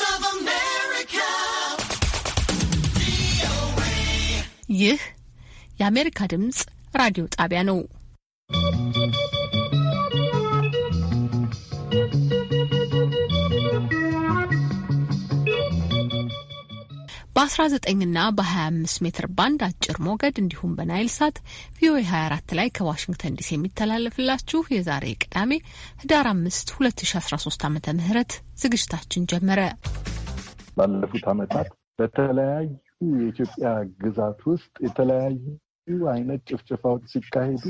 of America. VOA. Yeah. የአሜሪካ ድምፅ ራዲዮ ጣቢያ ነው። በ19 ና በ25 ሜትር ባንድ አጭር ሞገድ እንዲሁም በናይል ሳት ቪኦኤ 24 ላይ ከዋሽንግተን ዲሲ የሚተላለፍላችሁ የዛሬ ቅዳሜ ህዳር 5 2013 ዓ ም ዝግጅታችን ጀመረ። ባለፉት ዓመታት በተለያዩ የኢትዮጵያ ግዛት ውስጥ የተለያዩ አይነት ጭፍጭፋዎች ሲካሄዱ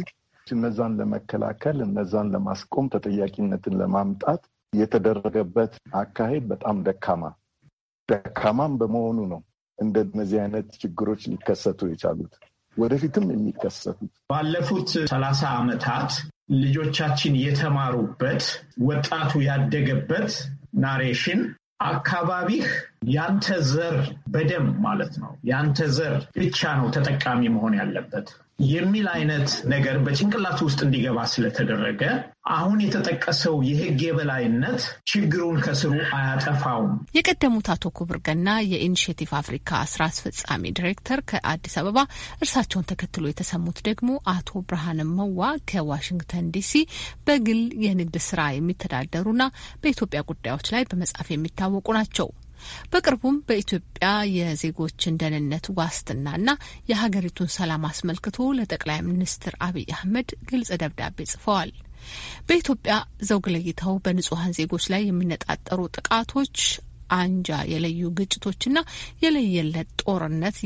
እነዛን ለመከላከል እነዛን ለማስቆም ተጠያቂነትን ለማምጣት የተደረገበት አካሄድ በጣም ደካማ ደካማም በመሆኑ ነው እንደነዚህ አይነት ችግሮች ሊከሰቱ የቻሉት ወደፊትም የሚከሰቱት ባለፉት ሰላሳ ዓመታት ልጆቻችን የተማሩበት ወጣቱ ያደገበት ናሬሽን አካባቢህ ያንተ ዘር በደም ማለት ነው። ያንተ ዘር ብቻ ነው ተጠቃሚ መሆን ያለበት። የሚል አይነት ነገር በጭንቅላት ውስጥ እንዲገባ ስለተደረገ አሁን የተጠቀሰው የሕግ የበላይነት ችግሩን ከስሩ አያጠፋውም። የቀደሙት አቶ ኩብርገና ገና የኢኒሽቲቭ አፍሪካ ስራ አስፈጻሚ ዲሬክተር ከአዲስ አበባ፣ እርሳቸውን ተከትሎ የተሰሙት ደግሞ አቶ ብርሃን መዋ ከዋሽንግተን ዲሲ በግል የንግድ ስራ የሚተዳደሩና በኢትዮጵያ ጉዳዮች ላይ በመጻፍ የሚታወቁ ናቸው። በቅርቡም በኢትዮጵያ የዜጎችን ደህንነት ዋስትናና የሀገሪቱን ሰላም አስመልክቶ ለጠቅላይ ሚኒስትር አብይ አህመድ ግልጽ ደብዳቤ ጽፈዋል። በኢትዮጵያ ዘውግ ለይተው በንጹሐን ዜጎች ላይ የሚነጣጠሩ ጥቃቶች አንጃ የለዩ ግጭቶችና የለየለት ጦርነት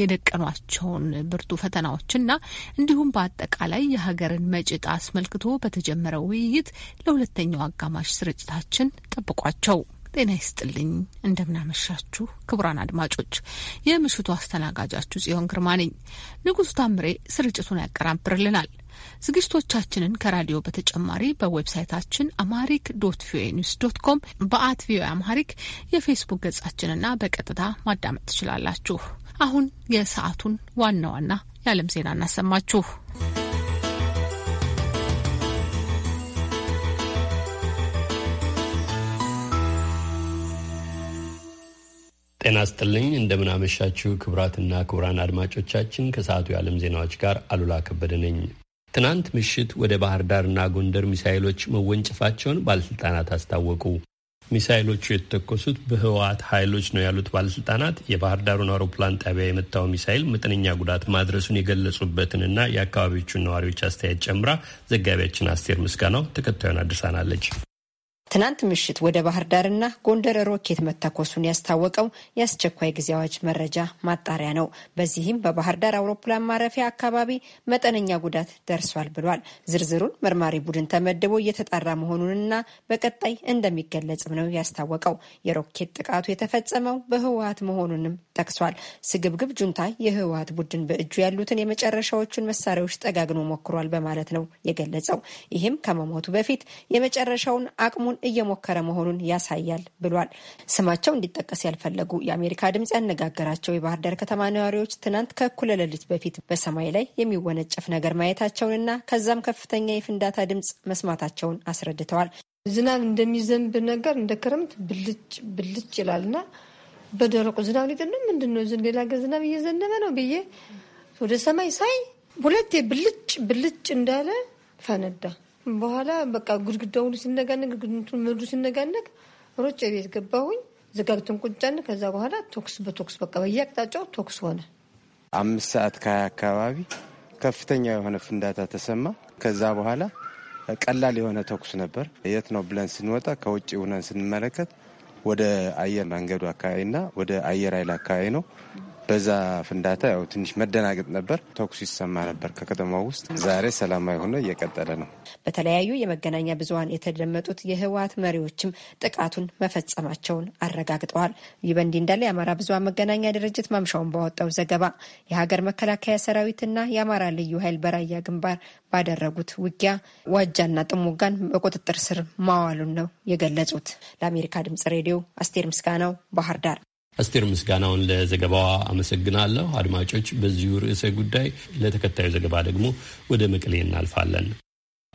የደቀኗቸውን ብርቱ ፈተናዎችና እንዲሁም በአጠቃላይ የሀገርን መጭጣ አስመልክቶ በተጀመረው ውይይት ለሁለተኛው አጋማሽ ስርጭታችን ጠብቋቸው። ጤና ይስጥልኝ። እንደምናመሻችሁ ክቡራን አድማጮች፣ የምሽቱ አስተናጋጃችሁ ጽዮን ግርማ ነኝ። ንጉሱ ታምሬ ስርጭቱን ያቀራብርልናል። ዝግጅቶቻችንን ከራዲዮ በተጨማሪ በዌብሳይታችን አማሪክ ዶት ቪኦኤ ኒውስ ዶት ኮም በአት ቪኦኤ አማሪክ የፌስቡክ ገጻችንና በቀጥታ ማዳመጥ ትችላላችሁ። አሁን የሰዓቱን ዋና ዋና የዓለም ዜና እናሰማችሁ። ጤና ስጥልኝ እንደምናመሻችሁ ክቡራትና ክቡራን አድማጮቻችን ከሰዓቱ የዓለም ዜናዎች ጋር አሉላ ከበደ ነኝ። ትናንት ምሽት ወደ ባህር ዳርና ጎንደር ሚሳይሎች መወንጨፋቸውን ባለሥልጣናት አስታወቁ። ሚሳይሎቹ የተተኮሱት በህወሓት ኃይሎች ነው ያሉት ባለሥልጣናት የባህር ዳሩን አውሮፕላን ጣቢያ የመታው ሚሳይል መጠነኛ ጉዳት ማድረሱን የገለጹበትንና የአካባቢዎቹን ነዋሪዎች አስተያየት ጨምራ ዘጋቢያችን አስቴር ምስጋናው ተከታዩን አድርሳናለች። ትናንት ምሽት ወደ ባህር ዳርና ጎንደር ሮኬት መተኮሱን ያስታወቀው የአስቸኳይ ጊዜ አዋጅ መረጃ ማጣሪያ ነው። በዚህም በባህር ዳር አውሮፕላን ማረፊያ አካባቢ መጠነኛ ጉዳት ደርሷል ብሏል። ዝርዝሩን መርማሪ ቡድን ተመድቦ እየተጣራ መሆኑንና በቀጣይ እንደሚገለጽም ነው ያስታወቀው። የሮኬት ጥቃቱ የተፈጸመው በህወሀት መሆኑንም ጠቅሷል። ስግብግብ ጁንታ የህወሀት ቡድን በእጁ ያሉትን የመጨረሻዎቹን መሳሪያዎች ጠጋግኖ ሞክሯል በማለት ነው የገለጸው። ይህም ከመሞቱ በፊት የመጨረሻውን አቅሙን እየሞከረ መሆኑን ያሳያል ብሏል። ስማቸው እንዲጠቀስ ያልፈለጉ የአሜሪካ ድምፅ ያነጋገራቸው የባህር ዳር ከተማ ነዋሪዎች ትናንት ከእኩለ ሌሊት በፊት በሰማይ ላይ የሚወነጨፍ ነገር ማየታቸውንና ከዛም ከፍተኛ የፍንዳታ ድምፅ መስማታቸውን አስረድተዋል። ዝናብ እንደሚዘንብ ነገር እንደ ክረምት ብልጭ ብልጭ ይላልና በደረቁ ዝናብ ሊጥል ነው ምንድን ነው? ሌላ ዝናብ እየዘነበ ነው ብዬ ወደ ሰማይ ሳይ ሁለቴ ብልጭ ብልጭ እንዳለ ፈነዳ። በኋላ በቃ ጉድግዳው ሲነጋነግ ሲነጋነግ ምድሩ ሲነጋነግ ሮጬ ቤት ገባሁኝ። ዘጋግትን ቁጫን። ከዛ በኋላ ቶክስ በቶክስ በቃ በየአቅጣጫው ቶክስ ሆነ። አምስት ሰዓት ከሀያ አካባቢ ከፍተኛ የሆነ ፍንዳታ ተሰማ። ከዛ በኋላ ቀላል የሆነ ተኩስ ነበር። የት ነው ብለን ስንወጣ ከውጭ ሆነን ስንመለከት ወደ አየር መንገዱ አካባቢና ወደ አየር ኃይል አካባቢ ነው በዛ ፍንዳታ ያው ትንሽ መደናገጥ ነበር። ተኩስ ይሰማ ነበር ከከተማው ውስጥ። ዛሬ ሰላማዊ ሆነ እየቀጠለ ነው። በተለያዩ የመገናኛ ብዙኃን የተደመጡት የህወሀት መሪዎችም ጥቃቱን መፈጸማቸውን አረጋግጠዋል። ይህ በእንዲህ እንዳለ የአማራ ብዙኃን መገናኛ ድርጅት ማምሻውን ባወጣው ዘገባ የሀገር መከላከያ ሰራዊትና የአማራ ልዩ ኃይል በራያ ግንባር ባደረጉት ውጊያ ዋጃና ጥሙጋን በቁጥጥር ስር ማዋሉን ነው የገለጹት። ለአሜሪካ ድምጽ ሬዲዮ አስቴር ምስጋናው ባህር ዳር። አስቴር ምስጋናውን ለዘገባዋ አመሰግናለሁ። አድማጮች፣ በዚሁ ርዕሰ ጉዳይ ለተከታዩ ዘገባ ደግሞ ወደ መቀሌ እናልፋለን።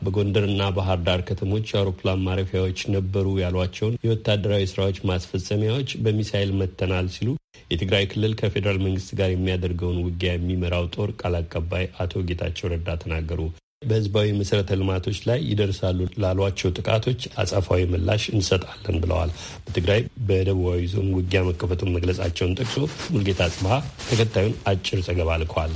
በጎንደርና ባህር ዳር ከተሞች የአውሮፕላን ማረፊያዎች ነበሩ ያሏቸውን የወታደራዊ ስራዎች ማስፈጸሚያዎች በሚሳይል መተናል ሲሉ የትግራይ ክልል ከፌዴራል መንግስት ጋር የሚያደርገውን ውጊያ የሚመራው ጦር ቃል አቀባይ አቶ ጌታቸው ረዳ ተናገሩ። በህዝባዊ መሰረተ ልማቶች ላይ ይደርሳሉ ላሏቸው ጥቃቶች አጸፋዊ ምላሽ እንሰጣለን ብለዋል። በትግራይ በደቡባዊ ዞን ውጊያ መከፈቱን መግለጻቸውን ጠቅሶ ሙልጌታ ጽባ ተከታዩን አጭር ዘገባ ልከዋል።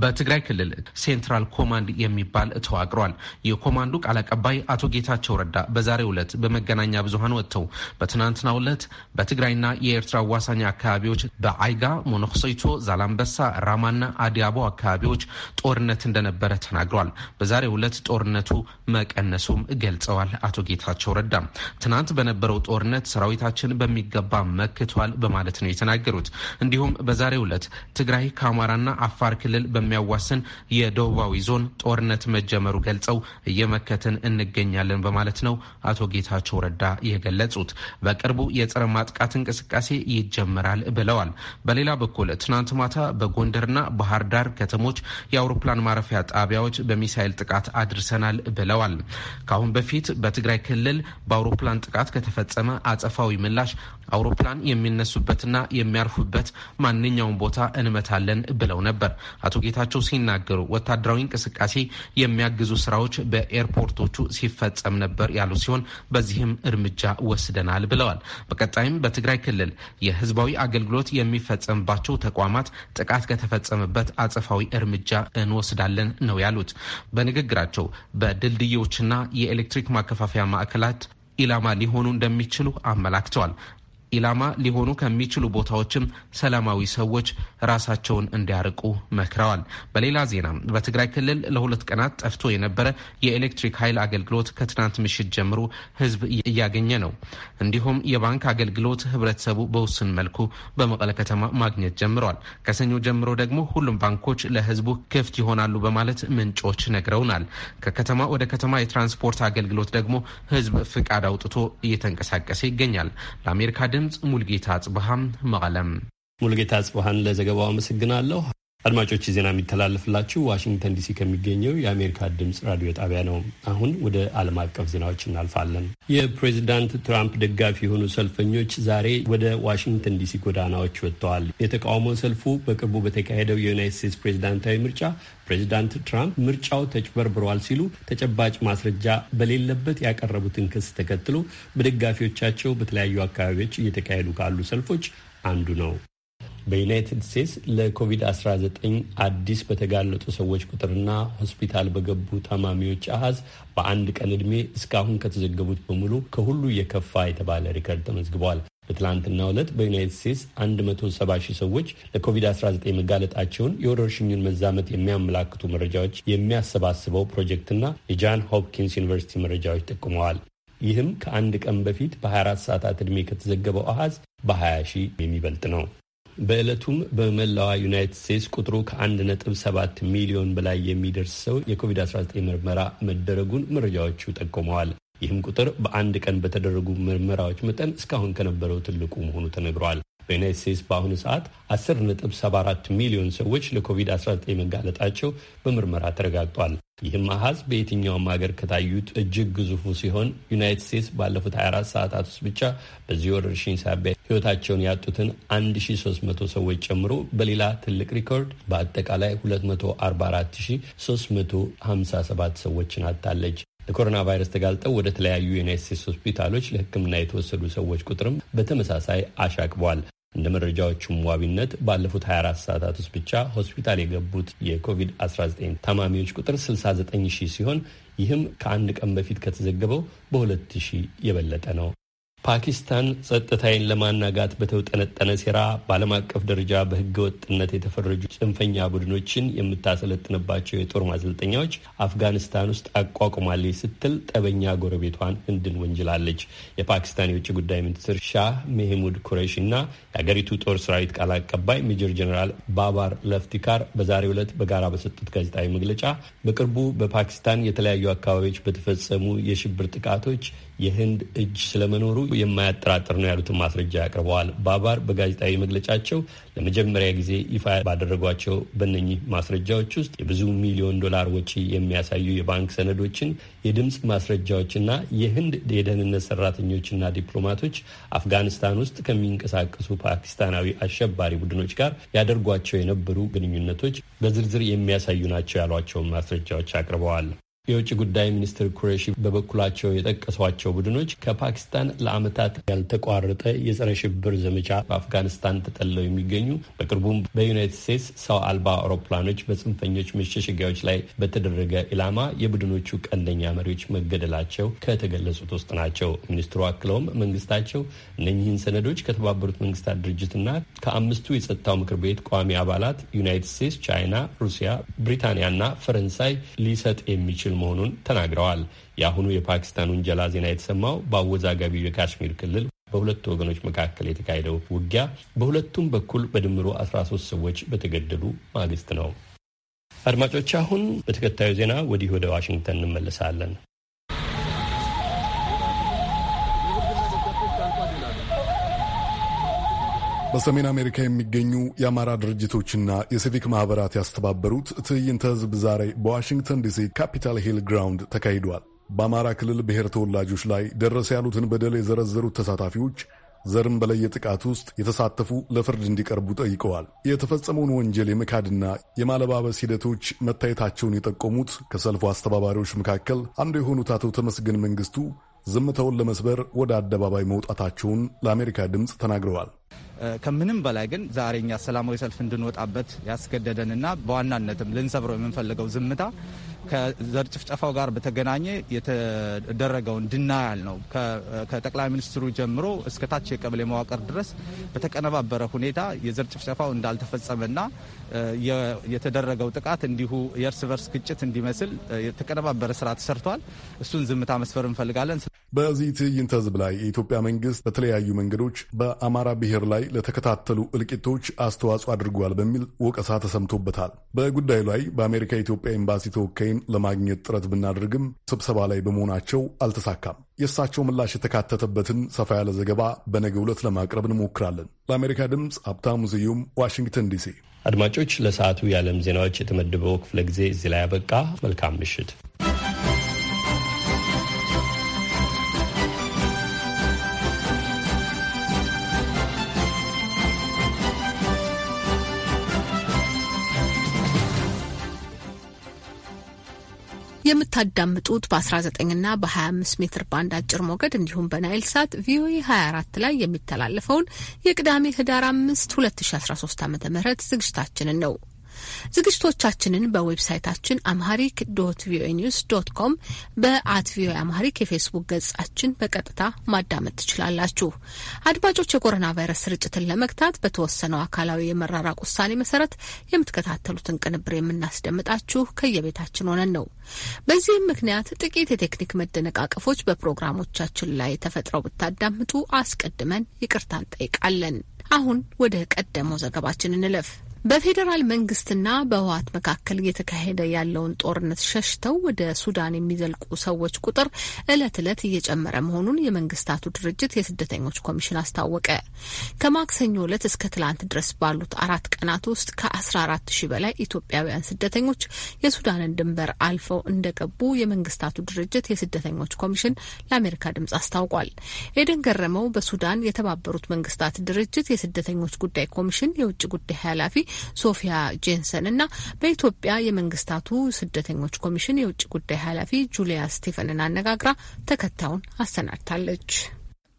በትግራይ ክልል ሴንትራል ኮማንድ የሚባል ተዋቅሯል። የኮማንዱ ቃል አቀባይ አቶ ጌታቸው ረዳ በዛሬው ዕለት በመገናኛ ብዙሀን ወጥተው በትናንትናው ዕለት በትግራይና የኤርትራ አዋሳኝ አካባቢዎች በአይጋ፣ ሞኖክሰይቶ፣ ዛላምበሳ፣ ራማና አዲያቦ አካባቢዎች ጦርነት እንደነበረ ተናግሯል። በዛሬው ዕለት ጦርነቱ መቀነሱም ገልጸዋል። አቶ ጌታቸው ረዳ ትናንት በነበረው ጦርነት ሰራዊታችን በሚገባ መክቷል በማለት ነው የተናገሩት። እንዲሁም በዛሬው ዕለት ትግራይ ከአማራና አፋር ክልል በሚያዋስን የደቡባዊ ዞን ጦርነት መጀመሩ ገልጸው እየመከትን እንገኛለን በማለት ነው አቶ ጌታቸው ረዳ የገለጹት። በቅርቡ የጸረ ማጥቃት እንቅስቃሴ ይጀምራል ብለዋል። በሌላ በኩል ትናንት ማታ በጎንደርና ባህር ዳር ከተሞች የአውሮፕላን ማረፊያ ጣቢያዎች በሚሳይል ጥቃት አድርሰናል ብለዋል። ከአሁን በፊት በትግራይ ክልል በአውሮፕላን ጥቃት ከተፈጸመ አጸፋዊ ምላሽ አውሮፕላን የሚነሱበትና የሚያርፉበት ማንኛውም ቦታ እንመታለን ብለው ነበር። አቶ በውይይታቸው ሲናገሩ ወታደራዊ እንቅስቃሴ የሚያግዙ ስራዎች በኤርፖርቶቹ ሲፈጸም ነበር ያሉ ሲሆን በዚህም እርምጃ ወስደናል ብለዋል። በቀጣይም በትግራይ ክልል የህዝባዊ አገልግሎት የሚፈጸምባቸው ተቋማት ጥቃት ከተፈጸመበት አጸፋዊ እርምጃ እንወስዳለን ነው ያሉት። በንግግራቸው በድልድዮችና የኤሌክትሪክ ማከፋፈያ ማዕከላት ኢላማ ሊሆኑ እንደሚችሉ አመላክተዋል። ኢላማ ሊሆኑ ከሚችሉ ቦታዎችም ሰላማዊ ሰዎች ራሳቸውን እንዲያርቁ መክረዋል። በሌላ ዜና በትግራይ ክልል ለሁለት ቀናት ጠፍቶ የነበረ የኤሌክትሪክ ኃይል አገልግሎት ከትናንት ምሽት ጀምሮ ህዝብ እያገኘ ነው። እንዲሁም የባንክ አገልግሎት ህብረተሰቡ በውስን መልኩ በመቀለ ከተማ ማግኘት ጀምረዋል። ከሰኞ ጀምሮ ደግሞ ሁሉም ባንኮች ለህዝቡ ክፍት ይሆናሉ በማለት ምንጮች ነግረውናል። ከከተማ ወደ ከተማ የትራንስፖርት አገልግሎት ደግሞ ህዝብ ፍቃድ አውጥቶ እየተንቀሳቀሰ ይገኛል። ለአሜሪካ ድምፅ ድምፅ ሙልጌታ ጽብሃም መቀለም። ሙልጌታ ጽብሃን ለዘገባው አመሰግናለሁ። አድማጮች ዜና የሚተላለፍላችሁ ዋሽንግተን ዲሲ ከሚገኘው የአሜሪካ ድምፅ ራዲዮ ጣቢያ ነው። አሁን ወደ ዓለም አቀፍ ዜናዎች እናልፋለን። የፕሬዚዳንት ትራምፕ ደጋፊ የሆኑ ሰልፈኞች ዛሬ ወደ ዋሽንግተን ዲሲ ጎዳናዎች ወጥተዋል። የተቃውሞ ሰልፉ በቅርቡ በተካሄደው የዩናይት ስቴትስ ፕሬዚዳንታዊ ምርጫ ፕሬዚዳንት ትራምፕ ምርጫው ተጭበርብሯል ሲሉ ተጨባጭ ማስረጃ በሌለበት ያቀረቡትን ክስ ተከትሎ በደጋፊዎቻቸው በተለያዩ አካባቢዎች እየተካሄዱ ካሉ ሰልፎች አንዱ ነው። በዩናይትድ ስቴትስ ለኮቪድ-19 አዲስ በተጋለጡ ሰዎች ቁጥርና ሆስፒታል በገቡ ታማሚዎች አሀዝ በአንድ ቀን ዕድሜ እስካሁን ከተዘገቡት በሙሉ ከሁሉ የከፋ የተባለ ሪከርድ ተመዝግበዋል። በትላንትናው ዕለት በዩናይትድ ስቴትስ 170 ሺህ ሰዎች ለኮቪድ-19 መጋለጣቸውን የወረርሽኙን መዛመት የሚያመላክቱ መረጃዎች የሚያሰባስበው ፕሮጀክትና የጃን ሆፕኪንስ ዩኒቨርሲቲ መረጃዎች ጠቁመዋል። ይህም ከአንድ ቀን በፊት በ24 ሰዓታት ዕድሜ ከተዘገበው አሃዝ በ20 ሺህ የሚበልጥ ነው። በዕለቱም በመላዋ ዩናይትድ ስቴትስ ቁጥሩ ከ1.7 ሚሊዮን በላይ የሚደርስ ሰው የኮቪድ-19 ምርመራ መደረጉን መረጃዎቹ ጠቁመዋል። ይህም ቁጥር በአንድ ቀን በተደረጉ ምርመራዎች መጠን እስካሁን ከነበረው ትልቁ መሆኑ ተነግሯል። በዩናይት ስቴትስ በአሁኑ ሰዓት 10.74 ሚሊዮን ሰዎች ለኮቪድ-19 መጋለጣቸው በምርመራ ተረጋግጧል። ይህም አሃዝ በየትኛውም ሀገር ከታዩት እጅግ ግዙፉ ሲሆን ዩናይት ስቴትስ ባለፉት 24 ሰዓታት ውስጥ ብቻ በዚህ ወረርሽኝ ሳቢያ ሕይወታቸውን ያጡትን 1300 ሰዎች ጨምሮ በሌላ ትልቅ ሪኮርድ በአጠቃላይ 244357 ሰዎችን አጣለች። ለኮሮና ቫይረስ ተጋልጠው ወደ ተለያዩ የዩናይት ስቴትስ ሆስፒታሎች ለሕክምና የተወሰዱ ሰዎች ቁጥርም በተመሳሳይ አሻቅቧል። እንደ መረጃዎቹም ዋቢነት ባለፉት 24 ሰዓታት ውስጥ ብቻ ሆስፒታል የገቡት የኮቪድ-19 ታማሚዎች ቁጥር 69 ሺህ ሲሆን ይህም ከአንድ ቀን በፊት ከተዘገበው በ2 ሺህ የበለጠ ነው። ፓኪስታን ጸጥታዬን ለማናጋት በተውጠነጠነ ሴራ በዓለም አቀፍ ደረጃ በሕገ ወጥነት የተፈረጁ ጽንፈኛ ቡድኖችን የምታሰለጥንባቸው የጦር ማሰልጠኛዎች አፍጋኒስታን ውስጥ አቋቁማለች ስትል ጠበኛ ጎረቤቷን ህንድን ወንጅላለች። የፓኪስታን የውጭ ጉዳይ ሚኒስትር ሻህ መህሙድ ኩሬሽ እና የአገሪቱ ጦር ሰራዊት ቃል አቀባይ ሜጀር ጀኔራል ባባር ለፍቲካር በዛሬው ዕለት በጋራ በሰጡት ጋዜጣዊ መግለጫ በቅርቡ በፓኪስታን የተለያዩ አካባቢዎች በተፈጸሙ የሽብር ጥቃቶች የህንድ እጅ ስለመኖሩ የማያጠራጥር ነው ያሉትን ማስረጃ ያቅርበዋል። ባባር በጋዜጣዊ መግለጫቸው ለመጀመሪያ ጊዜ ይፋ ባደረጓቸው በነኚህ ማስረጃዎች ውስጥ የብዙ ሚሊዮን ዶላር ወጪ የሚያሳዩ የባንክ ሰነዶችን፣ የድምፅ ማስረጃዎችና የህንድ የደህንነት ሰራተኞችና ዲፕሎማቶች አፍጋኒስታን ውስጥ ከሚንቀሳቀሱ ፓኪስታናዊ አሸባሪ ቡድኖች ጋር ያደርጓቸው የነበሩ ግንኙነቶች በዝርዝር የሚያሳዩ ናቸው ያሏቸውን ማስረጃዎች አቅርበዋል። የውጭ ጉዳይ ሚኒስትር ኩሬሺ በበኩላቸው የጠቀሷቸው ቡድኖች ከፓኪስታን ለዓመታት ያልተቋረጠ የጸረ ሽብር ዘመቻ በአፍጋኒስታን ተጠልለው የሚገኙ በቅርቡም በዩናይትድ ስቴትስ ሰው አልባ አውሮፕላኖች በጽንፈኞች መሸሸጊያዎች ላይ በተደረገ ኢላማ የቡድኖቹ ቀንደኛ መሪዎች መገደላቸው ከተገለጹት ውስጥ ናቸው። ሚኒስትሩ አክለውም መንግስታቸው እነኚህን ሰነዶች ከተባበሩት መንግስታት ድርጅትና ከአምስቱ የጸጥታው ምክር ቤት ቋሚ አባላት ዩናይትድ ስቴትስ፣ ቻይና፣ ሩሲያ፣ ብሪታንያና ፈረንሳይ ሊሰጥ የሚችል የሚችል መሆኑን ተናግረዋል። የአሁኑ የፓኪስታን ውንጀላ ዜና የተሰማው በአወዛጋቢው የካሽሚር ክልል በሁለቱ ወገኖች መካከል የተካሄደው ውጊያ በሁለቱም በኩል በድምሩ 13 ሰዎች በተገደሉ ማግስት ነው። አድማጮች፣ አሁን በተከታዩ ዜና ወዲህ ወደ ዋሽንግተን እንመለሳለን። በሰሜን አሜሪካ የሚገኙ የአማራ ድርጅቶችና የሲቪክ ማኅበራት ያስተባበሩት ትዕይንተ ሕዝብ ዛሬ በዋሽንግተን ዲሲ ካፒታል ሂል ግራውንድ ተካሂዷል። በአማራ ክልል ብሔር ተወላጆች ላይ ደረሰ ያሉትን በደል የዘረዘሩት ተሳታፊዎች ዘርን በለየ ጥቃት ውስጥ የተሳተፉ ለፍርድ እንዲቀርቡ ጠይቀዋል። የተፈጸመውን ወንጀል የመካድና የማለባበስ ሂደቶች መታየታቸውን የጠቆሙት ከሰልፉ አስተባባሪዎች መካከል አንዱ የሆኑት አቶ ተመስገን መንግስቱ ዝምታውን ለመስበር ወደ አደባባይ መውጣታቸውን ለአሜሪካ ድምፅ ተናግረዋል። ከምንም በላይ ግን ዛሬኛ ሰላማዊ ሰልፍ እንድንወጣበት ያስገደደንና በዋናነትም ልንሰብረው የምንፈልገው ዝምታ ከዘር ጭፍጨፋው ጋር በተገናኘ የተደረገውን ድናያል ነው። ከጠቅላይ ሚኒስትሩ ጀምሮ እስከታች የቀበሌ መዋቅር ድረስ በተቀነባበረ ሁኔታ የዘር ጭፍጨፋው እንዳልተፈጸመና የተደረገው ጥቃት እንዲሁ የእርስ በርስ ግጭት እንዲመስል የተቀነባበረ ስራ ተሰርቷል። እሱን ዝምታ መስፈር እንፈልጋለን። በዚህ ትዕይንተ ህዝብ ላይ የኢትዮጵያ መንግስት በተለያዩ መንገዶች በአማራ ብሔር ላይ ለተከታተሉ እልቂቶች አስተዋጽኦ አድርጓል በሚል ወቀሳ ተሰምቶበታል። በጉዳዩ ላይ በአሜሪካ የኢትዮጵያ ኤምባሲ ተወካይ ዛሬም ለማግኘት ጥረት ብናደርግም ስብሰባ ላይ በመሆናቸው አልተሳካም። የእሳቸው ምላሽ የተካተተበትን ሰፋ ያለ ዘገባ በነገ ዕለት ለማቅረብ እንሞክራለን። ለአሜሪካ ድምፅ ሀብታሙ ስዩም ዋሽንግተን ዲሲ። አድማጮች፣ ለሰዓቱ የዓለም ዜናዎች የተመደበው ክፍለ ጊዜ እዚህ ላይ አበቃ። መልካም ምሽት። የምታዳምጡት በ19ና በ25 ሜትር ባንድ አጭር ሞገድ እንዲሁም በናይል ሳት ቪኦኤ 24 ላይ የሚተላለፈውን የቅዳሜ ህዳር 5 2013 ዓ ም ዝግጅታችንን ነው። ዝግጅቶቻችንን በዌብሳይታችን አምሃሪክ ዶት ቪኦኤ ኒውስ ዶት ኮም በአት ቪኦኤ አምሃሪክ የፌስቡክ ገጻችን በቀጥታ ማዳመጥ ትችላላችሁ። አድማጮች፣ የኮሮና ቫይረስ ስርጭትን ለመግታት በተወሰነው አካላዊ የመራራቅ ውሳኔ መሰረት የምትከታተሉትን ቅንብር የምናስደምጣችሁ ከየቤታችን ሆነን ነው። በዚህም ምክንያት ጥቂት የቴክኒክ መደነቃቀፎች በፕሮግራሞቻችን ላይ ተፈጥረው ብታዳምጡ አስቀድመን ይቅርታ እንጠይቃለን። አሁን ወደ ቀደመው ዘገባችን እንለፍ። በፌዴራል መንግስትና በህወሀት መካከል እየተካሄደ ያለውን ጦርነት ሸሽተው ወደ ሱዳን የሚዘልቁ ሰዎች ቁጥር እለት እለት እየጨመረ መሆኑን የመንግስታቱ ድርጅት የስደተኞች ኮሚሽን አስታወቀ። ከማክሰኞ እለት እስከ ትላንት ድረስ ባሉት አራት ቀናት ውስጥ ከ14 ሺህ በላይ ኢትዮጵያውያን ስደተኞች የሱዳንን ድንበር አልፈው እንደገቡ የመንግስታቱ ድርጅት የስደተኞች ኮሚሽን ለአሜሪካ ድምጽ አስታውቋል። ኤደን ገረመው በሱዳን የተባበሩት መንግስታት ድርጅት የስደተኞች ጉዳይ ኮሚሽን የውጭ ጉዳይ ኃላፊ ሶፊያ ጄንሰን እና በኢትዮጵያ የመንግስታቱ ስደተኞች ኮሚሽን የውጭ ጉዳይ ኃላፊ ጁሊያ ስቴፈንን አነጋግራ ተከታዩን አሰናድታለች።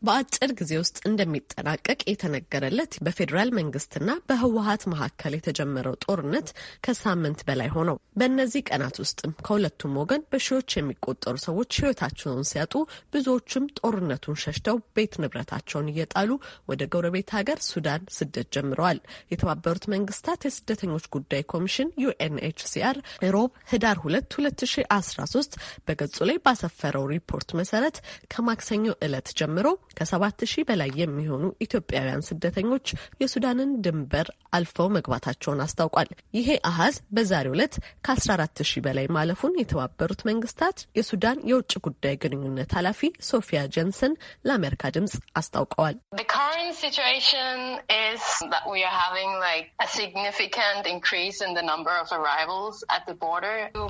በአጭር ጊዜ ውስጥ እንደሚጠናቀቅ የተነገረለት በፌዴራል መንግስትና በህወሀት መካከል የተጀመረው ጦርነት ከሳምንት በላይ ሆነው በእነዚህ ቀናት ውስጥም ከሁለቱም ወገን በሺዎች የሚቆጠሩ ሰዎች ህይወታቸውን ሲያጡ፣ ብዙዎቹም ጦርነቱን ሸሽተው ቤት ንብረታቸውን እየጣሉ ወደ ጎረቤት ሀገር ሱዳን ስደት ጀምረዋል። የተባበሩት መንግስታት የስደተኞች ጉዳይ ኮሚሽን ዩኤንኤችሲአር ሮብ ህዳር 2 2013 በገጹ ላይ ባሰፈረው ሪፖርት መሰረት ከማክሰኞ ዕለት ጀምሮ ከሰባት ሺህ በላይ የሚሆኑ ኢትዮጵያውያን ስደተኞች የሱዳንን ድንበር አልፈው መግባታቸውን አስታውቋል። ይሄ አሃዝ በዛሬው ዕለት ከ14 ሺህ በላይ ማለፉን የተባበሩት መንግስታት የሱዳን የውጭ ጉዳይ ግንኙነት ኃላፊ ሶፊያ ጀንሰን ለአሜሪካ ድምጽ አስታውቀዋል።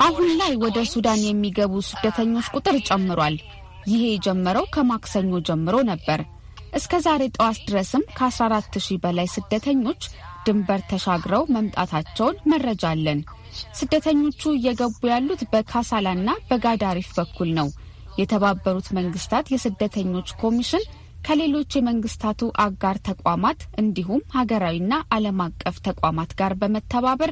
አሁን ላይ ወደ ሱዳን የሚገቡ ስደተኞች ቁጥር ጨምሯል። ይሄ የጀመረው ከማክሰኞ ጀምሮ ነበር። እስከ ዛሬ ጠዋት ድረስም ከ14 ሺህ በላይ ስደተኞች ድንበር ተሻግረው መምጣታቸውን መረጃ አለን። ስደተኞቹ እየገቡ ያሉት በካሳላና በጋዳሪፍ በኩል ነው። የተባበሩት መንግስታት የስደተኞች ኮሚሽን ከሌሎች የመንግስታቱ አጋር ተቋማት እንዲሁም ሀገራዊና ዓለም አቀፍ ተቋማት ጋር በመተባበር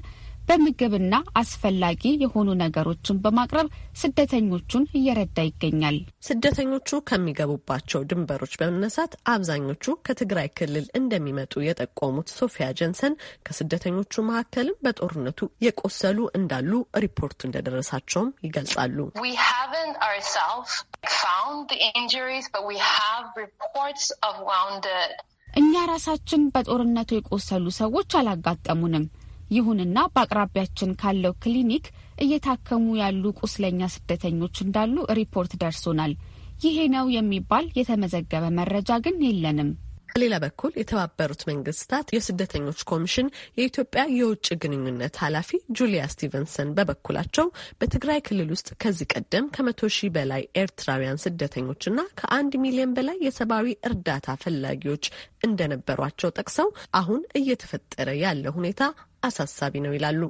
በምግብና አስፈላጊ የሆኑ ነገሮችን በማቅረብ ስደተኞቹን እየረዳ ይገኛል። ስደተኞቹ ከሚገቡባቸው ድንበሮች በመነሳት አብዛኞቹ ከትግራይ ክልል እንደሚመጡ የጠቆሙት ሶፊያ ጀንሰን ከስደተኞቹ መካከልም በጦርነቱ የቆሰሉ እንዳሉ ሪፖርቱ እንደደረሳቸውም ይገልጻሉ። እኛ ራሳችን በጦርነቱ የቆሰሉ ሰዎች አላጋጠሙንም። ይሁንና በአቅራቢያችን ካለው ክሊኒክ እየታከሙ ያሉ ቁስለኛ ስደተኞች እንዳሉ ሪፖርት ደርሶናል። ይሄ ነው የሚባል የተመዘገበ መረጃ ግን የለንም። በሌላ በኩል የተባበሩት መንግስታት የስደተኞች ኮሚሽን የኢትዮጵያ የውጭ ግንኙነት ኃላፊ ጁሊያ ስቲቨንሰን በበኩላቸው በትግራይ ክልል ውስጥ ከዚህ ቀደም ከመቶ ሺህ በላይ ኤርትራውያን ስደተኞችና ከአንድ ሚሊዮን በላይ የሰብአዊ እርዳታ ፈላጊዎች እንደነበሯቸው ጠቅሰው አሁን እየተፈጠረ ያለ ሁኔታ አሳሳቢ ነው ይላሉ።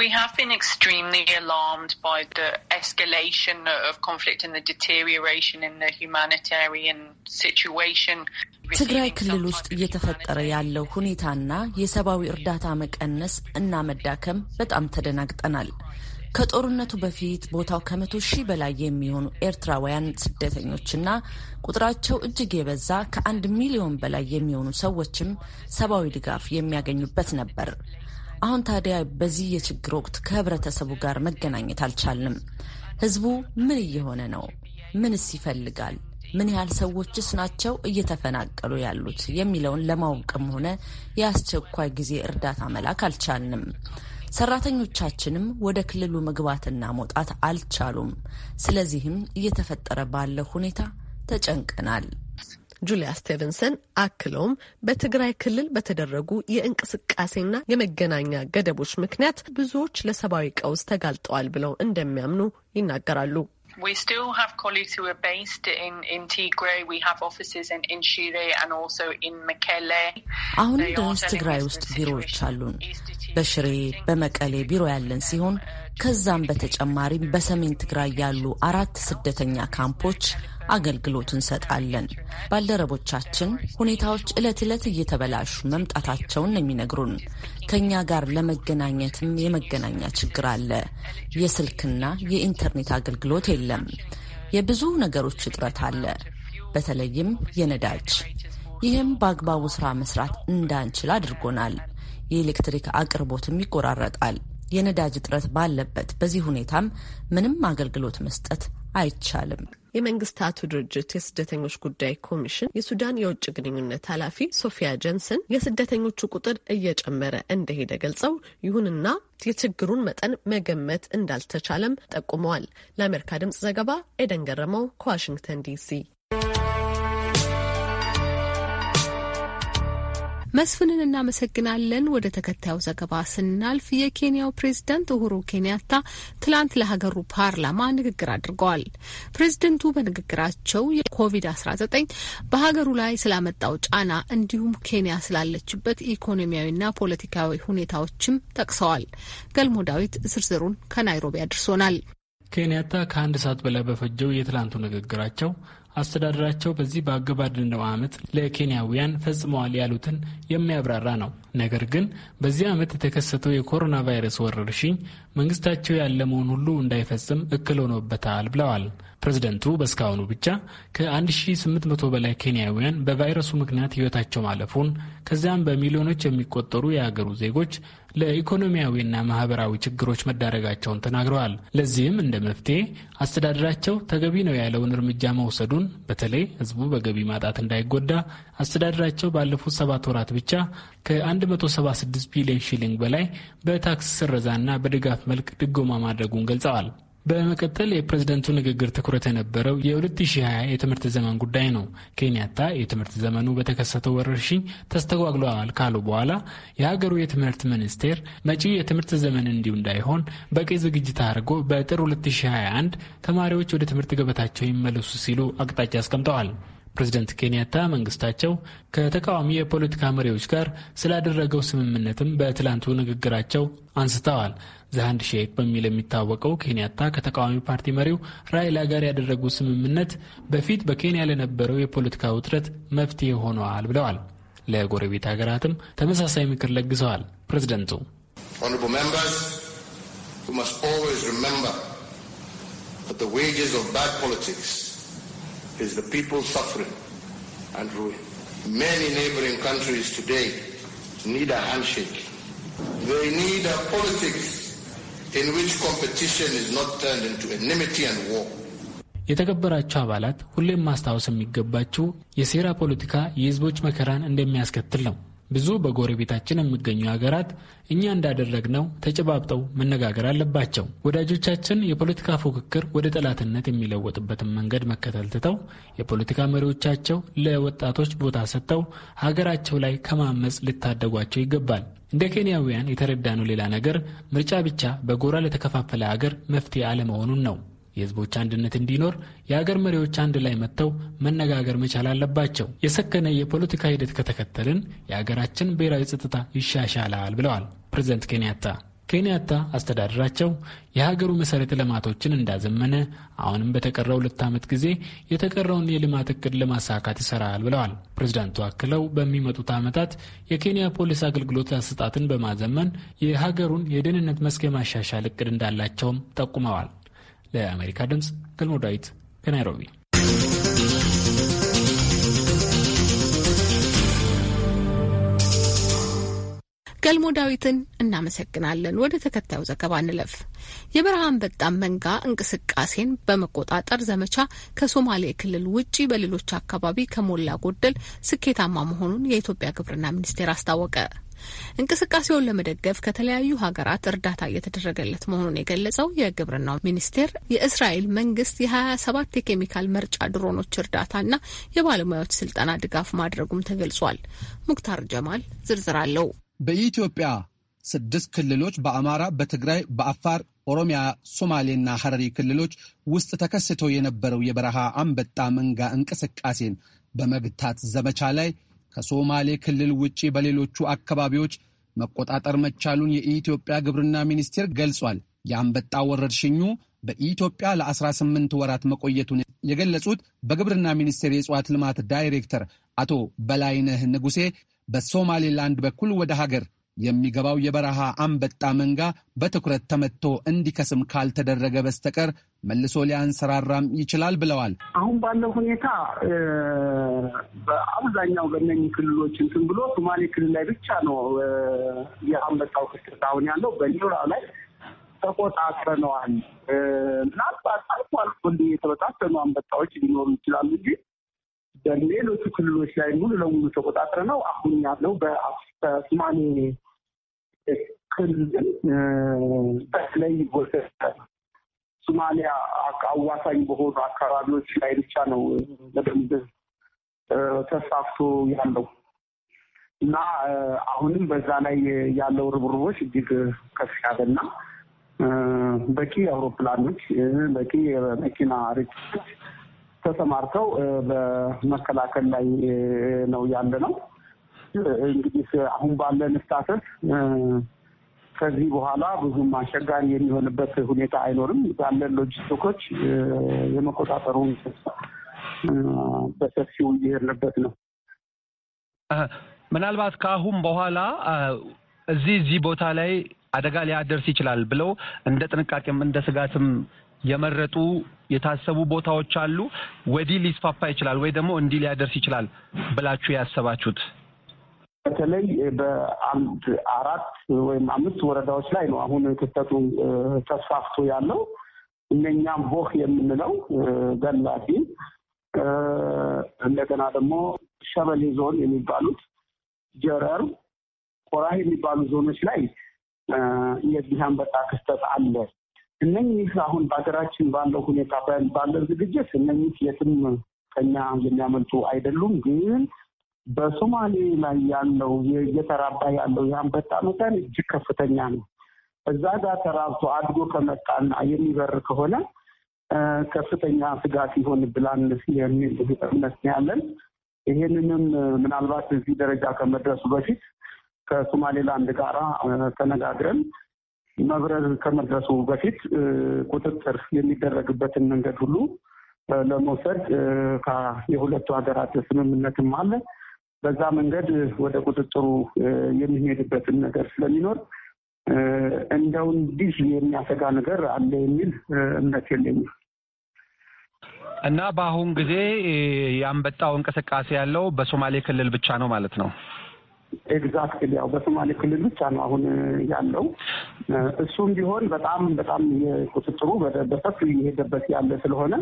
We have been extremely alarmed by the escalation of conflict and the deterioration in the humanitarian situation. ትግራይ ክልል ውስጥ እየተፈጠረ ያለው ሁኔታና የሰብአዊ እርዳታ መቀነስ እና መዳከም በጣም ተደናግጠናል። ከጦርነቱ በፊት ቦታው ከመቶ ሺህ በላይ የሚሆኑ ኤርትራውያን ስደተኞችና ቁጥራቸው እጅግ የበዛ ከአንድ ሚሊዮን በላይ የሚሆኑ ሰዎችም ሰብአዊ ድጋፍ የሚያገኙበት ነበር። አሁን ታዲያ በዚህ የችግር ወቅት ከህብረተሰቡ ጋር መገናኘት አልቻልንም። ህዝቡ ምን እየሆነ ነው? ምንስ ይፈልጋል? ምን ያህል ሰዎችስ ናቸው እየተፈናቀሉ ያሉት የሚለውን ለማወቅም ሆነ የአስቸኳይ ጊዜ እርዳታ መላክ አልቻልንም። ሰራተኞቻችንም ወደ ክልሉ መግባትና መውጣት አልቻሉም። ስለዚህም እየተፈጠረ ባለው ሁኔታ ተጨንቀናል። ጁሊያ ስቴቨንሰን አክለውም በትግራይ ክልል በተደረጉ የእንቅስቃሴና የመገናኛ ገደቦች ምክንያት ብዙዎች ለሰብአዊ ቀውስ ተጋልጠዋል ብለው እንደሚያምኑ ይናገራሉ። We still have colleagues who are based in, in Tigray. We have offices in, in Shire and also in Mekele. አሁን ድረስ ትግራይ ውስጥ ቢሮዎች አሉን። በሽሬ በመቀሌ ቢሮ ያለን ሲሆን ከዛም በተጨማሪም በሰሜን ትግራይ ያሉ አራት ስደተኛ ካምፖች አገልግሎት እንሰጣለን። ባልደረቦቻችን ሁኔታዎች ዕለት ዕለት እየተበላሹ መምጣታቸውን ነው የሚነግሩን። ከእኛ ጋር ለመገናኘትም የመገናኛ ችግር አለ። የስልክና የኢንተርኔት አገልግሎት የለም። የብዙ ነገሮች እጥረት አለ፣ በተለይም የነዳጅ። ይህም በአግባቡ ስራ መስራት እንዳንችል አድርጎናል። የኤሌክትሪክ አቅርቦትም ይቆራረጣል። የነዳጅ እጥረት ባለበት በዚህ ሁኔታም ምንም አገልግሎት መስጠት አይቻልም። የመንግስታቱ ድርጅት የስደተኞች ጉዳይ ኮሚሽን የሱዳን የውጭ ግንኙነት ኃላፊ ሶፊያ ጀንሰን የስደተኞቹ ቁጥር እየጨመረ እንደሄደ ገልጸው፣ ይሁንና የችግሩን መጠን መገመት እንዳልተቻለም ጠቁመዋል። ለአሜሪካ ድምጽ ዘገባ ኤደን ገረመው ከዋሽንግተን ዲሲ መስፍንን እናመሰግናለን። ወደ ተከታዩ ዘገባ ስናልፍ የኬንያው ፕሬዝደንት ኡሁሩ ኬንያታ ትላንት ለሀገሩ ፓርላማ ንግግር አድርገዋል። ፕሬዝደንቱ በንግግራቸው የኮቪድ-19 በሀገሩ ላይ ስላመጣው ጫና እንዲሁም ኬንያ ስላለችበት ኢኮኖሚያዊና ፖለቲካዊ ሁኔታዎችም ጠቅሰዋል። ገልሞ ዳዊት ዝርዝሩን ከናይሮቢ አድርሶናል። ኬንያታ ከአንድ ሰዓት በላይ በፈጀው የትላንቱ ንግግራቸው አስተዳደራቸው በዚህ በአገባደደው ዓመት ለኬንያውያን ፈጽመዋል ያሉትን የሚያብራራ ነው። ነገር ግን በዚህ ዓመት የተከሰተው የኮሮና ቫይረስ ወረርሽኝ መንግስታቸው ያለመውን ሁሉ እንዳይፈጽም እክል ሆኖበታል ብለዋል። ፕሬዝደንቱ በእስካሁኑ ብቻ ከ1800 በላይ ኬንያውያን በቫይረሱ ምክንያት ሕይወታቸው ማለፉን ከዚያም በሚሊዮኖች የሚቆጠሩ የአገሩ ዜጎች ለኢኮኖሚያዊና ማህበራዊ ችግሮች መዳረጋቸውን ተናግረዋል። ለዚህም እንደ መፍትሄ አስተዳደራቸው ተገቢ ነው ያለውን እርምጃ መውሰዱን፣ በተለይ ህዝቡ በገቢ ማጣት እንዳይጎዳ አስተዳደራቸው ባለፉት ሰባት ወራት ብቻ ከ176 ቢሊዮን ሺሊንግ በላይ በታክስ ስረዛና በድጋፍ መልክ ድጎማ ማድረጉን ገልጸዋል። በመቀጠል የፕሬዝደንቱ ንግግር ትኩረት የነበረው የ2020 የትምህርት ዘመን ጉዳይ ነው። ኬንያታ የትምህርት ዘመኑ በተከሰተው ወረርሽኝ ተስተጓግሏል ካሉ በኋላ የሀገሩ የትምህርት ሚኒስቴር መጪው የትምህርት ዘመን እንዲሁ እንዳይሆን በቂ ዝግጅት አድርጎ በጥር 2021 ተማሪዎች ወደ ትምህርት ገበታቸው ይመለሱ ሲሉ አቅጣጫ አስቀምጠዋል። ፕሬዚደንት ኬንያታ መንግስታቸው ከተቃዋሚ የፖለቲካ መሪዎች ጋር ስላደረገው ስምምነትም በትላንቱ ንግግራቸው አንስተዋል። ዛሃንድ ሼክ በሚል የሚታወቀው ኬንያታ ከተቃዋሚ ፓርቲ መሪው ራይላ ጋር ያደረጉት ስምምነት በፊት በኬንያ ለነበረው የፖለቲካ ውጥረት መፍትሄ ሆነዋል ብለዋል። ለጎረቤት ሀገራትም ተመሳሳይ ምክር ለግሰዋል። ፕሬዚደንቱ ሪንግ neighboring countries today need a ኒድ They in which competition is not turned into enmity and war. የተከበራቸው አባላት ሁሌም ማስታወስ የሚገባቸው የሴራ ፖለቲካ የህዝቦች መከራን እንደሚያስከትል ነው። ብዙ በጎረቤታችን የሚገኙ ሀገራት እኛ እንዳደረግነው ተጨባብጠው መነጋገር አለባቸው። ወዳጆቻችን የፖለቲካ ፉክክር ወደ ጠላትነት የሚለወጥበትን መንገድ መከተል ትተው የፖለቲካ መሪዎቻቸው ለወጣቶች ቦታ ሰጥተው ሀገራቸው ላይ ከማመፅ ልታደጓቸው ይገባል። እንደ ኬንያውያን የተረዳነው ሌላ ነገር ምርጫ ብቻ በጎራ ለተከፋፈለ ሀገር መፍትሄ አለመሆኑን ነው። የህዝቦች አንድነት እንዲኖር የአገር መሪዎች አንድ ላይ መጥተው መነጋገር መቻል አለባቸው። የሰከነ የፖለቲካ ሂደት ከተከተልን የአገራችን ብሔራዊ ጸጥታ ይሻሻላል ብለዋል ፕሬዚደንት ኬንያታ። ኬንያታ አስተዳደራቸው የሀገሩ መሠረተ ልማቶችን እንዳዘመነ አሁንም በተቀረው ሁለት ዓመት ጊዜ የተቀረውን የልማት እቅድ ለማሳካት ይሰራል ብለዋል። ፕሬዚዳንቱ አክለው በሚመጡት ዓመታት የኬንያ ፖሊስ አገልግሎት አሰጣጥን በማዘመን የሀገሩን የደህንነት መስክ የማሻሻል እቅድ እንዳላቸውም ጠቁመዋል። ለአሜሪካ ድምፅ ገልሞ ዳዊት ከናይሮቢ። ገልሞ ዳዊትን እናመሰግናለን። ወደ ተከታዩ ዘገባ እንለፍ። የበረሃ አንበጣ መንጋ እንቅስቃሴን በመቆጣጠር ዘመቻ ከሶማሌ ክልል ውጪ በሌሎች አካባቢ ከሞላ ጎደል ስኬታማ መሆኑን የኢትዮጵያ ግብርና ሚኒስቴር አስታወቀ። እንቅስቃሴውን ለመደገፍ ከተለያዩ ሀገራት እርዳታ እየተደረገለት መሆኑን የገለጸው የግብርናው ሚኒስቴር የእስራኤል መንግስት የ27 የኬሚካል መርጫ ድሮኖች እርዳታና የባለሙያዎች ስልጠና ድጋፍ ማድረጉም ተገልጿል። ሙክታር ጀማል ዝርዝር አለው። በኢትዮጵያ ስድስት ክልሎች በአማራ፣ በትግራይ፣ በአፋር፣ ኦሮሚያ፣ ሶማሌና ሀረሪ ክልሎች ውስጥ ተከስቶ የነበረው የበረሃ አንበጣ መንጋ እንቅስቃሴን በመግታት ዘመቻ ላይ ከሶማሌ ክልል ውጪ በሌሎቹ አካባቢዎች መቆጣጠር መቻሉን የኢትዮጵያ ግብርና ሚኒስቴር ገልጿል። የአንበጣ ወረርሽኙ በኢትዮጵያ ለ18 ወራት መቆየቱን የገለጹት በግብርና ሚኒስቴር የእጽዋት ልማት ዳይሬክተር አቶ በላይነህ ንጉሴ በሶማሌላንድ በኩል ወደ ሀገር የሚገባው የበረሃ አንበጣ መንጋ በትኩረት ተመትቶ እንዲከስም ካልተደረገ በስተቀር መልሶ ሊያንሰራራም ይችላል ብለዋል። አሁን ባለው ሁኔታ በአብዛኛው በእነኚህ ክልሎች እንትን ብሎ ሶማሌ ክልል ላይ ብቻ ነው የአንበጣው ክስተት አሁን ያለው በኒራ ላይ ተቆጣጥረነዋል። ምናልባት አልፎ አልፎ የተበታተኑ አንበጣዎች ሊኖሩ ይችላሉ እንጂ በሌሎቹ ክልሎች ላይ ሙሉ ለሙሉ ተቆጣጥረ ነው አሁን ያለው በሶማሌ ክልል በተለይ ጎሰ ሶማሊያ አዋሳኝ በሆኑ አካባቢዎች ላይ ብቻ ነው በደንብ ተስፋፍቶ ያለው እና አሁንም በዛ ላይ ያለው ርብርቦች እጅግ ከፍ ያለ እና በቂ አውሮፕላኖች፣ በቂ መኪና ርጭቶች ተሰማርተው በመከላከል ላይ ነው ያለ ነው። እንግዲህ አሁን ባለን ስታተስ ከዚህ በኋላ ብዙም አስቸጋሪ የሚሆንበት ሁኔታ አይኖርም። ያለን ሎጂስቲኮች የመቆጣጠሩ በሰፊው እየሄድንበት ነው። ምናልባት ከአሁን በኋላ እዚህ እዚህ ቦታ ላይ አደጋ ሊያደርስ ይችላል ብለው እንደ ጥንቃቄም እንደ ስጋትም የመረጡ የታሰቡ ቦታዎች አሉ። ወዲህ ሊስፋፋ ይችላል ወይ ደግሞ እንዲህ ሊያደርስ ይችላል ብላችሁ ያሰባችሁት በተለይ በአንድ አራት ወይም አምስት ወረዳዎች ላይ ነው አሁን ክስተቱ ተስፋፍቶ ያለው። እነኛም ቦህ የምንለው ገላፊ፣ እንደገና ደግሞ ሸበሌ ዞን የሚባሉት ጀረር፣ ኮራህ የሚባሉ ዞኖች ላይ የዚህ አንበጣ ክስተት አለ። እነኚህ አሁን በሀገራችን ባለው ሁኔታ ባለው ዝግጅት እነኚህ የትም ከኛ የሚያመልጡ አይደሉም ግን በሶማሌ ላይ ያለው እየተራባ ያለው የአንበጣ መጠን እጅግ ከፍተኛ ነው። እዛ ጋር ተራብቶ አድጎ ከመጣና የሚበር ከሆነ ከፍተኛ ስጋት ይሆን ብላን የሚል እምነት ያለን። ይሄንንም ምናልባት እዚህ ደረጃ ከመድረሱ በፊት ከሶማሌላንድ ጋራ ተነጋግረን መብረር ከመድረሱ በፊት ቁጥጥር የሚደረግበትን መንገድ ሁሉ ለመውሰድ የሁለቱ ሀገራት ስምምነትም አለ። በዛ መንገድ ወደ ቁጥጥሩ የሚሄድበትን ነገር ስለሚኖር እንደው እንዲህ የሚያሰጋ ነገር አለ የሚል እምነት የለኝም። እና በአሁን ጊዜ የአንበጣው እንቅስቃሴ ያለው በሶማሌ ክልል ብቻ ነው ማለት ነው። ኤግዛክትሊ ያው በሶማሌ ክልል ብቻ ነው አሁን ያለው። እሱም ቢሆን በጣም በጣም የቁጥጥሩ በሰፊው እየሄደበት ያለ ስለሆነ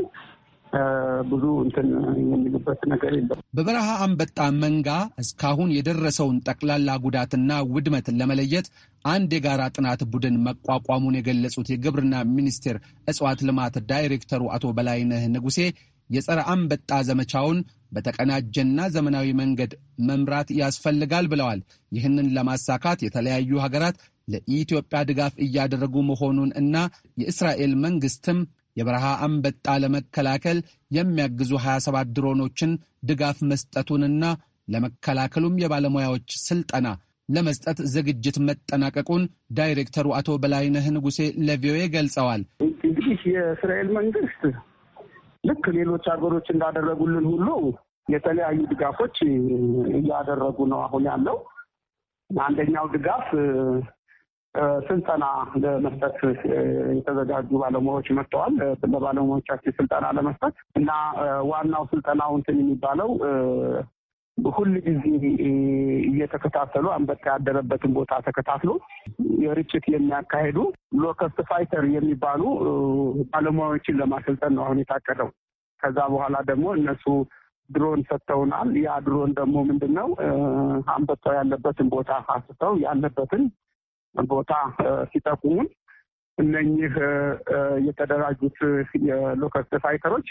ብዙ እንትን የሚሉበት ነገር የለም። በበረሃ አንበጣ መንጋ እስካሁን የደረሰውን ጠቅላላ ጉዳትና ውድመት ለመለየት አንድ የጋራ ጥናት ቡድን መቋቋሙን የገለጹት የግብርና ሚኒስቴር እጽዋት ልማት ዳይሬክተሩ አቶ በላይነህ ንጉሴ የጸረ አንበጣ ዘመቻውን በተቀናጀና ዘመናዊ መንገድ መምራት ያስፈልጋል ብለዋል። ይህንን ለማሳካት የተለያዩ ሀገራት ለኢትዮጵያ ድጋፍ እያደረጉ መሆኑን እና የእስራኤል መንግስትም የበረሃ አንበጣ ለመከላከል የሚያግዙ 27 ድሮኖችን ድጋፍ መስጠቱንና ለመከላከሉም የባለሙያዎች ስልጠና ለመስጠት ዝግጅት መጠናቀቁን ዳይሬክተሩ አቶ በላይነህ ንጉሴ ለቪኦኤ ገልጸዋል። እንግዲህ የእስራኤል መንግስት ልክ ሌሎች ሀገሮች እንዳደረጉልን ሁሉ የተለያዩ ድጋፎች እያደረጉ ነው አሁን ያለው። አንደኛው ድጋፍ ስልጠና ለመስጠት የተዘጋጁ ባለሙያዎች መጥተዋል። ለባለሙያዎቻችን ስልጠና ለመስጠት እና ዋናው ስልጠናው እንትን የሚባለው ሁል ጊዜ እየተከታተሉ አንበጣ ያደረበትን ቦታ ተከታትሎ ርጭት የሚያካሄዱ ሎከስት ፋይተር የሚባሉ ባለሙያዎችን ለማሰልጠን ነው አሁን የታቀደው። ከዛ በኋላ ደግሞ እነሱ ድሮን ሰጥተውናል። ያ ድሮን ደግሞ ምንድን ነው አንበጣው ያለበትን ቦታ አስተው ያለበትን ቦታ ሲጠቁሙን እነኚህ የተደራጁት የሎከስት ፋይተሮች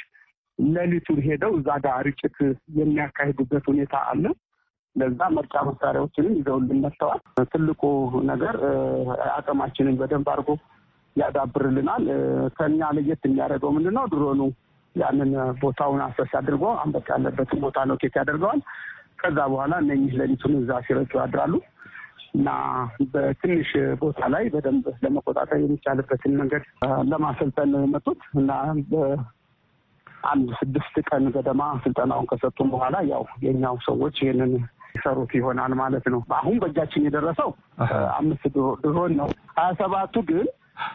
ሌሊቱን ሄደው እዛ ጋር ርጭት የሚያካሂዱበት ሁኔታ አለ። ለዛ መርጫ መሳሪያዎችንም ይዘውልን መጥተዋል። ትልቁ ነገር አቅማችንን በደንብ አድርጎ ያዳብርልናል። ከኛ ለየት የሚያደርገው ምንድነው? ድሮኑ ያንን ቦታውን አሰስ አድርጎ አንበጣ ያለበትን ቦታ ሎኬት ያደርገዋል። ከዛ በኋላ እነኚህ ሌሊቱን እዛ ሲረጩ ያድራሉ። እና በትንሽ ቦታ ላይ በደንብ ለመቆጣጠር የሚቻልበትን መንገድ ለማሰልጠን ነው የመጡት እና አንድ ስድስት ቀን ገደማ ስልጠናውን ከሰጡ በኋላ ያው የኛው ሰዎች ይህንን ሰሩት ይሆናል ማለት ነው። አሁን በእጃችን የደረሰው አምስት ድሮን ነው። ሀያ ሰባቱ ግን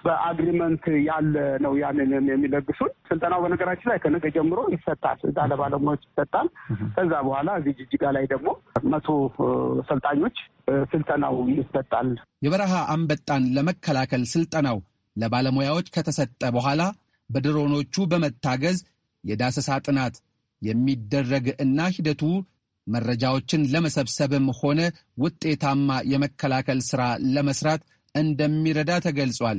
በአግሪመንት ያለ ነው ያንን የሚለግሱን። ስልጠናው በነገራችን ላይ ከነገ ጀምሮ ይሰጣል። እዛ ለባለሙያዎች ይሰጣል። ከዛ በኋላ እዚህ ጅጅጋ ላይ ደግሞ መቶ ሰልጣኞች ስልጠናው ይሰጣል። የበረሃ አንበጣን ለመከላከል ስልጠናው ለባለሙያዎች ከተሰጠ በኋላ በድሮኖቹ በመታገዝ የዳሰሳ ጥናት የሚደረግ እና ሂደቱ መረጃዎችን ለመሰብሰብም ሆነ ውጤታማ የመከላከል ሥራ ለመስራት እንደሚረዳ ተገልጿል።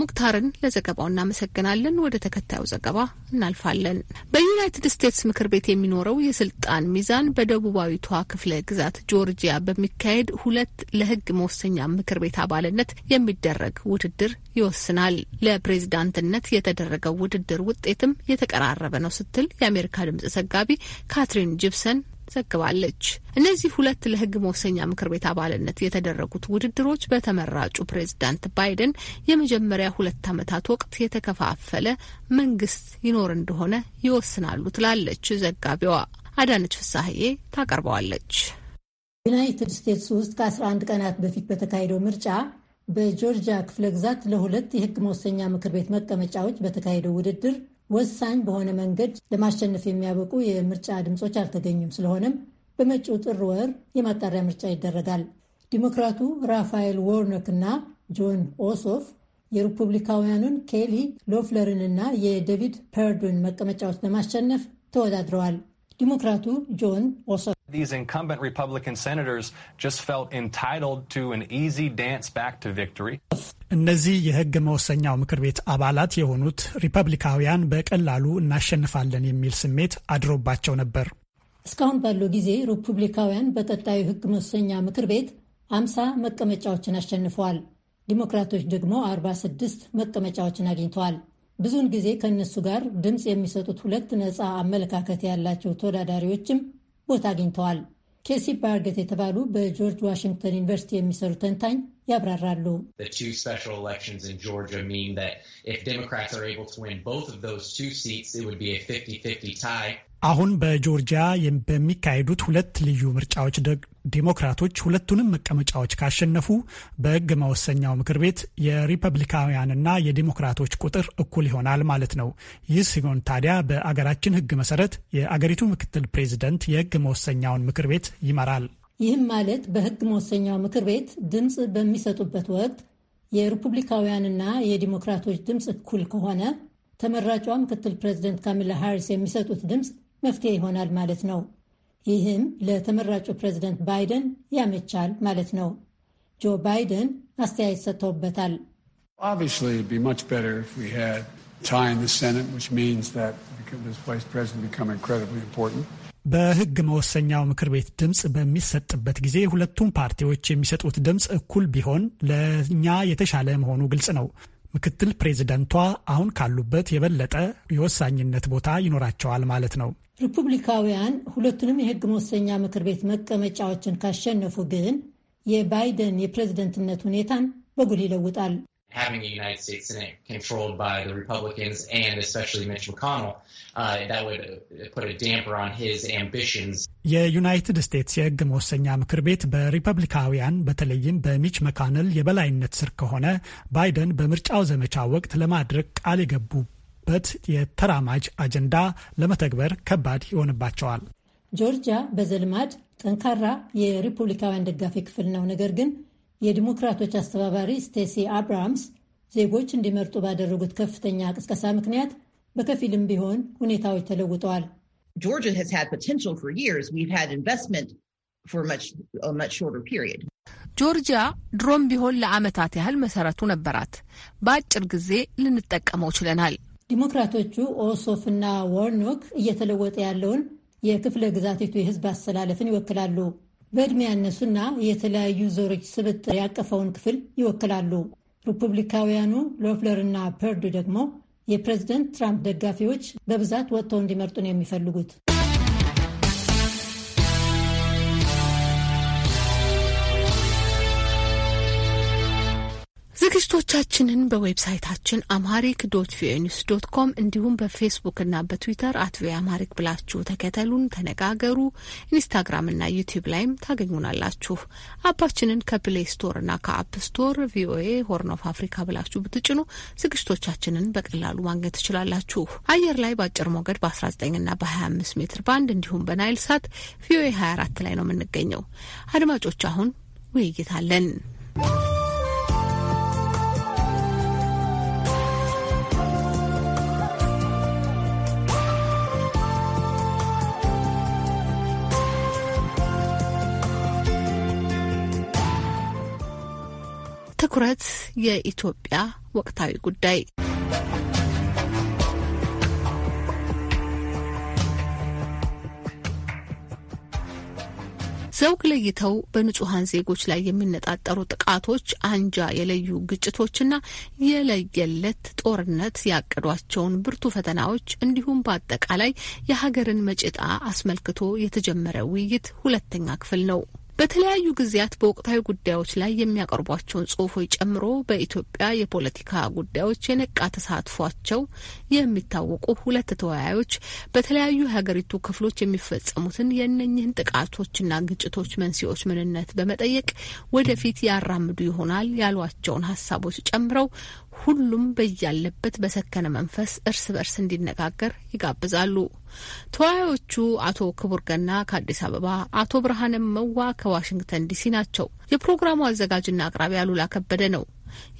ሙክታርን ለዘገባው እናመሰግናለን። ወደ ተከታዩ ዘገባ እናልፋለን። በዩናይትድ ስቴትስ ምክር ቤት የሚኖረው የስልጣን ሚዛን በደቡባዊቷ ክፍለ ግዛት ጆርጂያ በሚካሄድ ሁለት ለህግ መወሰኛ ምክር ቤት አባልነት የሚደረግ ውድድር ይወስናል። ለፕሬዝዳንትነት የተደረገው ውድድር ውጤትም የተቀራረበ ነው ስትል የአሜሪካ ድምጽ ዘጋቢ ካትሪን ጂፕሰን ዘግባለች። እነዚህ ሁለት ለህግ መወሰኛ ምክር ቤት አባልነት የተደረጉት ውድድሮች በተመራጩ ፕሬዝዳንት ባይደን የመጀመሪያ ሁለት ዓመታት ወቅት የተከፋፈለ መንግስት ይኖር እንደሆነ ይወስናሉ ትላለች ዘጋቢዋ። አዳነች ፍሳሀዬ ታቀርበዋለች። ዩናይትድ ስቴትስ ውስጥ ከ11 ቀናት በፊት በተካሄደው ምርጫ በጆርጂያ ክፍለ ግዛት ለሁለት የህግ መወሰኛ ምክር ቤት መቀመጫዎች በተካሄደው ውድድር ወሳኝ በሆነ መንገድ ለማሸነፍ የሚያበቁ የምርጫ ድምፆች አልተገኙም። ስለሆነም በመጪው ጥር ወር የማጣሪያ ምርጫ ይደረጋል። ዲሞክራቱ ራፋኤል ዎርኖክ እና ጆን ኦሶፍ የሪፑብሊካውያኑን ኬሊ ሎፍለርን እና የዴቪድ ፐርዱን መቀመጫዎች ለማሸነፍ ተወዳድረዋል። ዲሞክራቱ ጆን ኦሶፍ These incumbent Republican senators just felt entitled to an easy dance back to victory. እነዚህ የህግ መወሰኛው ምክር ቤት አባላት የሆኑት ሪፐብሊካውያን በቀላሉ እናሸንፋለን የሚል ስሜት አድሮባቸው ነበር። እስካሁን ባለው ጊዜ ሪፐብሊካውያን በቀጣዩ ህግ መወሰኛ ምክር ቤት አምሳ መቀመጫዎችን አሸንፈዋል። ዲሞክራቶች ደግሞ 46 መቀመጫዎችን አግኝተዋል። ብዙውን ጊዜ ከእነሱ ጋር ድምፅ የሚሰጡት ሁለት ነፃ አመለካከት ያላቸው ተወዳዳሪዎችም ቦታ አግኝተዋል። ኬሲ ባርገት የተባሉ በጆርጅ ዋሽንግተን ዩኒቨርሲቲ የሚሰሩ ተንታኝ ያብራራሉ። አሁን በጆርጂያ በሚካሄዱት ሁለት ልዩ ምርጫዎች ዴሞክራቶች ሁለቱንም መቀመጫዎች ካሸነፉ በሕግ መወሰኛው ምክር ቤት የሪፐብሊካውያንና የዴሞክራቶች ቁጥር እኩል ይሆናል ማለት ነው። ይህ ሲሆን ታዲያ በአገራችን ሕግ መሰረት የአገሪቱ ምክትል ፕሬዚደንት የሕግ መወሰኛውን ምክር ቤት ይመራል። ይህም ማለት በሕግ መወሰኛው ምክር ቤት ድምፅ በሚሰጡበት ወቅት የሪፑብሊካውያንና የዲሞክራቶች ድምፅ እኩል ከሆነ ተመራጯ ምክትል ፕሬዚደንት ካሚላ ሃሪስ የሚሰጡት ድምፅ መፍትሄ ይሆናል ማለት ነው። ይህም ለተመራጩ ፕሬዚደንት ባይደን ያመቻል ማለት ነው። ጆ ባይደን አስተያየት ሰጥተውበታል። በህግ መወሰኛው ምክር ቤት ድምፅ በሚሰጥበት ጊዜ ሁለቱም ፓርቲዎች የሚሰጡት ድምፅ እኩል ቢሆን ለእኛ የተሻለ መሆኑ ግልጽ ነው። ምክትል ፕሬዚደንቷ አሁን ካሉበት የበለጠ የወሳኝነት ቦታ ይኖራቸዋል ማለት ነው። ሪፑብሊካውያን ሁለቱንም የህግ መወሰኛ ምክር ቤት መቀመጫዎችን ካሸነፉ ግን የባይደን የፕሬዝደንትነት ሁኔታን በጉል ይለውጣል። having a United States Senate controlled by the Republicans and especially Mitch McConnell, uh, that would uh, put a damper on his ambitions. የዩናይትድ ስቴትስ የሕግ መወሰኛ ምክር ቤት በሪፐብሊካውያን በተለይም በሚች መካነል የበላይነት ስር ከሆነ ባይደን በምርጫው ዘመቻ ወቅት ለማድረግ ቃል የገቡበት የተራማጅ አጀንዳ ለመተግበር ከባድ ይሆንባቸዋል። ጆርጂያ በዘልማድ ጠንካራ የሪፑብሊካውያን ደጋፊ ክፍል ነው። ነገር ግን የዲሞክራቶች አስተባባሪ ስቴሲ አብራምስ ዜጎች እንዲመርጡ ባደረጉት ከፍተኛ ቅስቀሳ ምክንያት በከፊልም ቢሆን ሁኔታዎች ተለውጠዋል። ጆርጂያ ድሮም ቢሆን ለዓመታት ያህል መሰረቱ ነበራት። በአጭር ጊዜ ልንጠቀመው ችለናል። ዲሞክራቶቹ ኦሶፍ እና ዎርኖክ እየተለወጠ ያለውን የክፍለ ግዛቲቱ የህዝብ አሰላለፍን ይወክላሉ። በዕድሜ ያነሱና የተለያዩ ዘሮች ስብጥር ያቀፈውን ክፍል ይወክላሉ። ሪፑብሊካውያኑ ሎፍለር እና ፐርድ ደግሞ የፕሬዝደንት ትራምፕ ደጋፊዎች በብዛት ወጥተው እንዲመርጡ ነው የሚፈልጉት። ዝግጅቶቻችንን በዌብሳይታችን አማሪክ ዶት ቪኦኤ ኒውስ ዶት ኮም እንዲሁም በፌስቡክ እና በትዊተር አት ቪኦኤ አማሪክ ብላችሁ ተከተሉን፣ ተነጋገሩ። ኢንስታግራም እና ዩቲዩብ ላይም ታገኙናላችሁ። አባችንን ከፕሌይ ስቶር እና ከአፕ ስቶር ቪኦኤ ሆርን ኦፍ አፍሪካ ብላችሁ ብትጭኑ ዝግጅቶቻችንን በቀላሉ ማግኘት ትችላላችሁ። አየር ላይ በአጭር ሞገድ በ19 እና በ25 ሜትር ባንድ እንዲሁም በናይል ሳት ቪኦኤ 24 ላይ ነው የምንገኘው። አድማጮች አሁን ውይይት አለን። ትኩረት የኢትዮጵያ ወቅታዊ ጉዳይ ዘውግ ለይተው በንጹሐን ዜጎች ላይ የሚነጣጠሩ ጥቃቶች፣ አንጃ የለዩ ግጭቶችና የለየለት ጦርነት ያቀዷቸውን ብርቱ ፈተናዎች እንዲሁም በአጠቃላይ የሀገርን መጭጣ አስመልክቶ የተጀመረ ውይይት ሁለተኛ ክፍል ነው። በተለያዩ ጊዜያት በወቅታዊ ጉዳዮች ላይ የሚያቀርቧቸውን ጽሁፎች ጨምሮ በኢትዮጵያ የፖለቲካ ጉዳዮች የነቃ ተሳትፏቸው የሚታወቁ ሁለት ተወያዮች በተለያዩ የሀገሪቱ ክፍሎች የሚፈጸሙትን የእነኝህን ጥቃቶችና ግጭቶች መንስኤዎች ምንነት በመጠየቅ ወደፊት ያራምዱ ይሆናል ያሏቸውን ሀሳቦች ጨምረው ሁሉም በያለበት በሰከነ መንፈስ እርስ በርስ እንዲነጋገር ይጋብዛሉ። ተወያዮቹ አቶ ክቡር ገና ከአዲስ አበባ፣ አቶ ብርሃንም መዋ ከዋሽንግተን ዲሲ ናቸው። የፕሮግራሙ አዘጋጅና አቅራቢ አሉላ ከበደ ነው።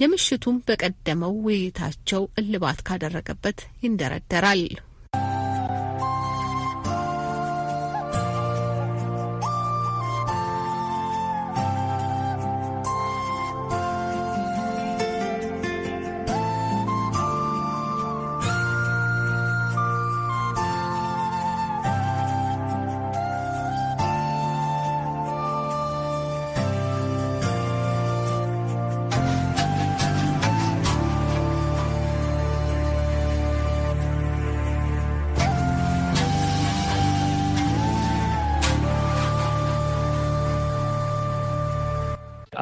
የምሽቱም በቀደመው ውይይታቸው እልባት ካደረገበት ይንደረደራል።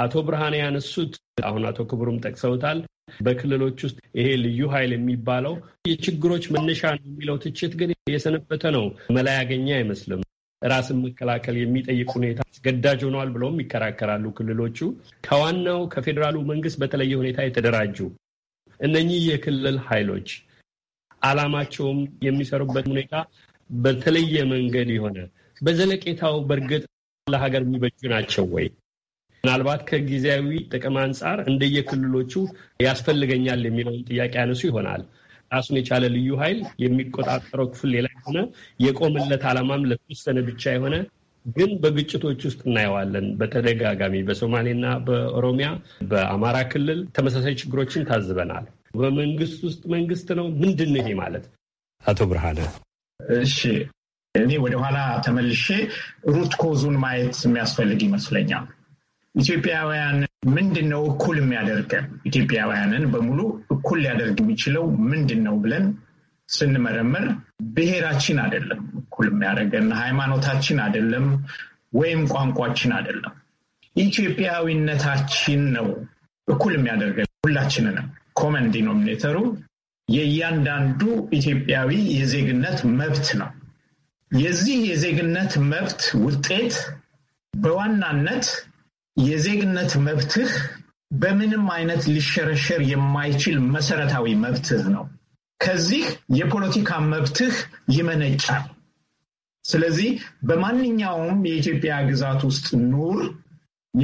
አቶ ብርሃን ያነሱት አሁን አቶ ክቡርም ጠቅሰውታል። በክልሎች ውስጥ ይሄ ልዩ ኃይል የሚባለው የችግሮች መነሻ ነው የሚለው ትችት ግን የሰነበተ ነው። መላ ያገኘ አይመስልም። ራስን መከላከል የሚጠይቅ ሁኔታ አስገዳጅ ሆነዋል ብለውም ይከራከራሉ። ክልሎቹ ከዋናው ከፌዴራሉ መንግስት በተለየ ሁኔታ የተደራጁ እነኚህ የክልል ኃይሎች አላማቸውም የሚሰሩበት ሁኔታ በተለየ መንገድ የሆነ በዘለቄታው በእርግጥ ለሀገር የሚበጁ ናቸው ወይ? ምናልባት ከጊዜያዊ ጥቅም አንጻር እንደየክልሎቹ ያስፈልገኛል የሚለውን ጥያቄ ያነሱ ይሆናል። ራሱን የቻለ ልዩ ኃይል የሚቆጣጠረው ክፍል ሌላ የሆነ የቆመለት ዓላማም ለተወሰነ ብቻ የሆነ ግን በግጭቶች ውስጥ እናየዋለን። በተደጋጋሚ በሶማሌና በኦሮሚያ በአማራ ክልል ተመሳሳይ ችግሮችን ታዝበናል። በመንግስት ውስጥ መንግስት ነው ምንድን ነው ይሄ ማለት? አቶ ብርሃነ እሺ፣ እኔ ወደኋላ ተመልሼ ሩት ኮዙን ማየት የሚያስፈልግ ይመስለኛል። ኢትዮጵያውያን ምንድን ነው እኩል የሚያደርገን? ኢትዮጵያውያንን በሙሉ እኩል ሊያደርግ የሚችለው ምንድን ነው ብለን ስንመረምር ብሔራችን አይደለም እኩል የሚያደርገን፣ ሃይማኖታችን አይደለም፣ ወይም ቋንቋችን አይደለም። ኢትዮጵያዊነታችን ነው እኩል የሚያደርገን ሁላችንንም። ኮመን ዲኖሚኔተሩ የእያንዳንዱ ኢትዮጵያዊ የዜግነት መብት ነው። የዚህ የዜግነት መብት ውጤት በዋናነት የዜግነት መብትህ በምንም አይነት ሊሸረሸር የማይችል መሰረታዊ መብትህ ነው። ከዚህ የፖለቲካ መብትህ ይመነጫል። ስለዚህ በማንኛውም የኢትዮጵያ ግዛት ውስጥ ኑር፣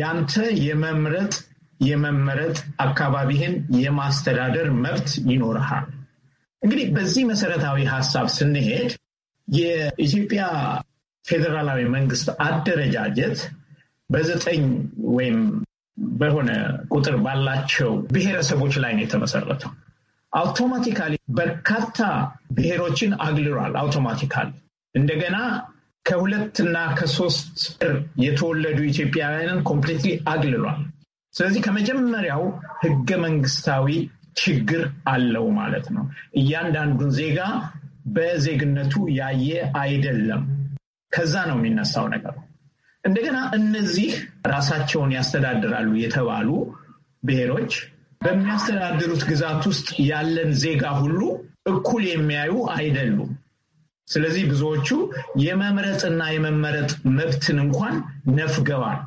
ያንተ የመምረጥ የመመረጥ አካባቢህን የማስተዳደር መብት ይኖርሃል። እንግዲህ በዚህ መሰረታዊ ሀሳብ ስንሄድ የኢትዮጵያ ፌዴራላዊ መንግስት አደረጃጀት በዘጠኝ ወይም በሆነ ቁጥር ባላቸው ብሔረሰቦች ላይ ነው የተመሰረተው። አውቶማቲካሊ በርካታ ብሔሮችን አግልሏል። አውቶማቲካሊ እንደገና ከሁለትና ከሶስት ር የተወለዱ ኢትዮጵያውያንን ኮምፕሊትሊ አግልሏል። ስለዚህ ከመጀመሪያው ህገ መንግስታዊ ችግር አለው ማለት ነው። እያንዳንዱን ዜጋ በዜግነቱ ያየ አይደለም። ከዛ ነው የሚነሳው ነገር እንደገና እነዚህ ራሳቸውን ያስተዳድራሉ የተባሉ ብሔሮች በሚያስተዳድሩት ግዛት ውስጥ ያለን ዜጋ ሁሉ እኩል የሚያዩ አይደሉም። ስለዚህ ብዙዎቹ የመምረጥና የመመረጥ መብትን እንኳን ነፍገዋል።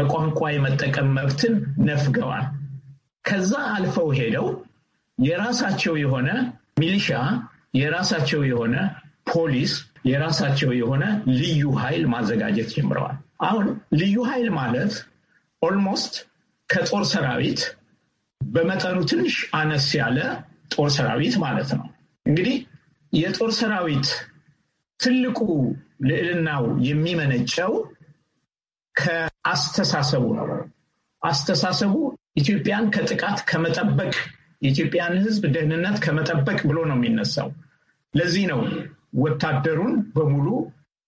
በቋንቋ የመጠቀም መብትን ነፍገዋል። ከዛ አልፈው ሄደው የራሳቸው የሆነ ሚሊሻ፣ የራሳቸው የሆነ ፖሊስ፣ የራሳቸው የሆነ ልዩ ኃይል ማዘጋጀት ጀምረዋል። አሁን ልዩ ኃይል ማለት ኦልሞስት ከጦር ሰራዊት በመጠኑ ትንሽ አነስ ያለ ጦር ሰራዊት ማለት ነው። እንግዲህ የጦር ሰራዊት ትልቁ ልዕልናው የሚመነጨው ከአስተሳሰቡ ነው። አስተሳሰቡ ኢትዮጵያን ከጥቃት ከመጠበቅ የኢትዮጵያን ሕዝብ ደህንነት ከመጠበቅ ብሎ ነው የሚነሳው። ለዚህ ነው ወታደሩን በሙሉ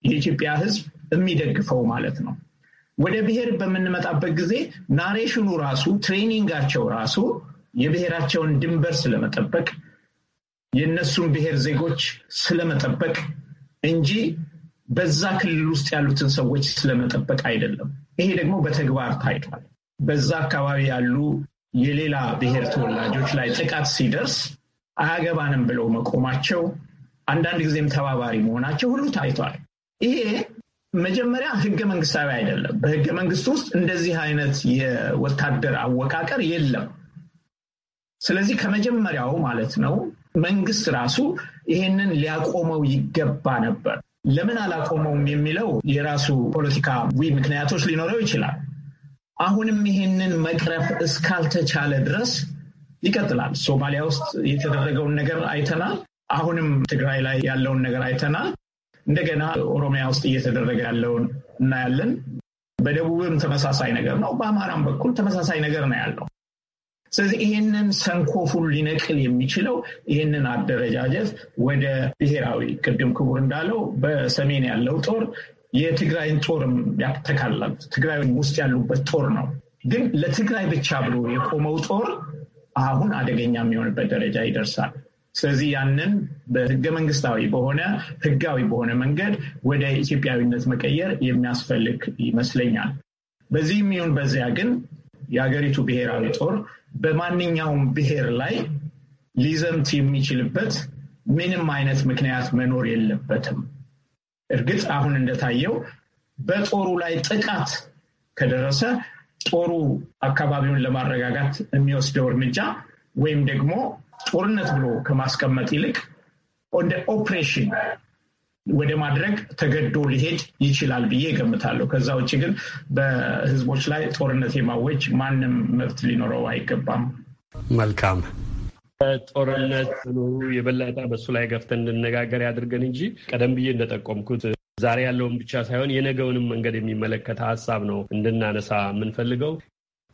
የኢትዮጵያ ሕዝብ የሚደግፈው ማለት ነው። ወደ ብሔር በምንመጣበት ጊዜ ናሬሽኑ ራሱ ትሬኒንጋቸው ራሱ የብሔራቸውን ድንበር ስለመጠበቅ የእነሱን ብሔር ዜጎች ስለመጠበቅ እንጂ በዛ ክልል ውስጥ ያሉትን ሰዎች ስለመጠበቅ አይደለም። ይሄ ደግሞ በተግባር ታይቷል። በዛ አካባቢ ያሉ የሌላ ብሔር ተወላጆች ላይ ጥቃት ሲደርስ አያገባንም ብለው መቆማቸው፣ አንዳንድ ጊዜም ተባባሪ መሆናቸው ሁሉ ታይቷል። ይሄ መጀመሪያ ህገ መንግስታዊ አይደለም። በህገ መንግስት ውስጥ እንደዚህ አይነት የወታደር አወቃቀር የለም። ስለዚህ ከመጀመሪያው ማለት ነው መንግስት ራሱ ይሄንን ሊያቆመው ይገባ ነበር። ለምን አላቆመውም የሚለው የራሱ ፖለቲካዊ ምክንያቶች ሊኖረው ይችላል። አሁንም ይሄንን መቅረፍ እስካልተቻለ ድረስ ይቀጥላል። ሶማሊያ ውስጥ የተደረገውን ነገር አይተናል። አሁንም ትግራይ ላይ ያለውን ነገር አይተናል። እንደገና ኦሮሚያ ውስጥ እየተደረገ ያለውን እናያለን። በደቡብም ተመሳሳይ ነገር ነው። በአማራም በኩል ተመሳሳይ ነገር ነው ያለው። ስለዚህ ይህንን ሰንኮፉን ሊነቅል የሚችለው ይህንን አደረጃጀት ወደ ብሔራዊ ቅድም ክቡር እንዳለው በሰሜን ያለው ጦር የትግራይን ጦርም ያተካላል። ትግራይ ውስጥ ያሉበት ጦር ነው። ግን ለትግራይ ብቻ ብሎ የቆመው ጦር አሁን አደገኛ የሚሆንበት ደረጃ ይደርሳል። ስለዚህ ያንን በህገ መንግስታዊ በሆነ ህጋዊ በሆነ መንገድ ወደ ኢትዮጵያዊነት መቀየር የሚያስፈልግ ይመስለኛል። በዚህም ይሁን በዚያ ግን የሀገሪቱ ብሔራዊ ጦር በማንኛውም ብሔር ላይ ሊዘምት የሚችልበት ምንም አይነት ምክንያት መኖር የለበትም። እርግጥ አሁን እንደታየው በጦሩ ላይ ጥቃት ከደረሰ ጦሩ አካባቢውን ለማረጋጋት የሚወስደው እርምጃ ወይም ደግሞ ጦርነት ብሎ ከማስቀመጥ ይልቅ እንደ ኦፕሬሽን ወደ ማድረግ ተገዶ ሊሄድ ይችላል ብዬ እገምታለሁ። ከዛ ውጭ ግን በህዝቦች ላይ ጦርነት የማወጅ ማንም መብት ሊኖረው አይገባም። መልካም ጦርነት መኖሩ የበለጠ በሱ ላይ ገፍተን እንድነጋገር ያድርገን እንጂ ቀደም ብዬ እንደጠቆምኩት ዛሬ ያለውን ብቻ ሳይሆን የነገውንም መንገድ የሚመለከተ ሀሳብ ነው እንድናነሳ የምንፈልገው።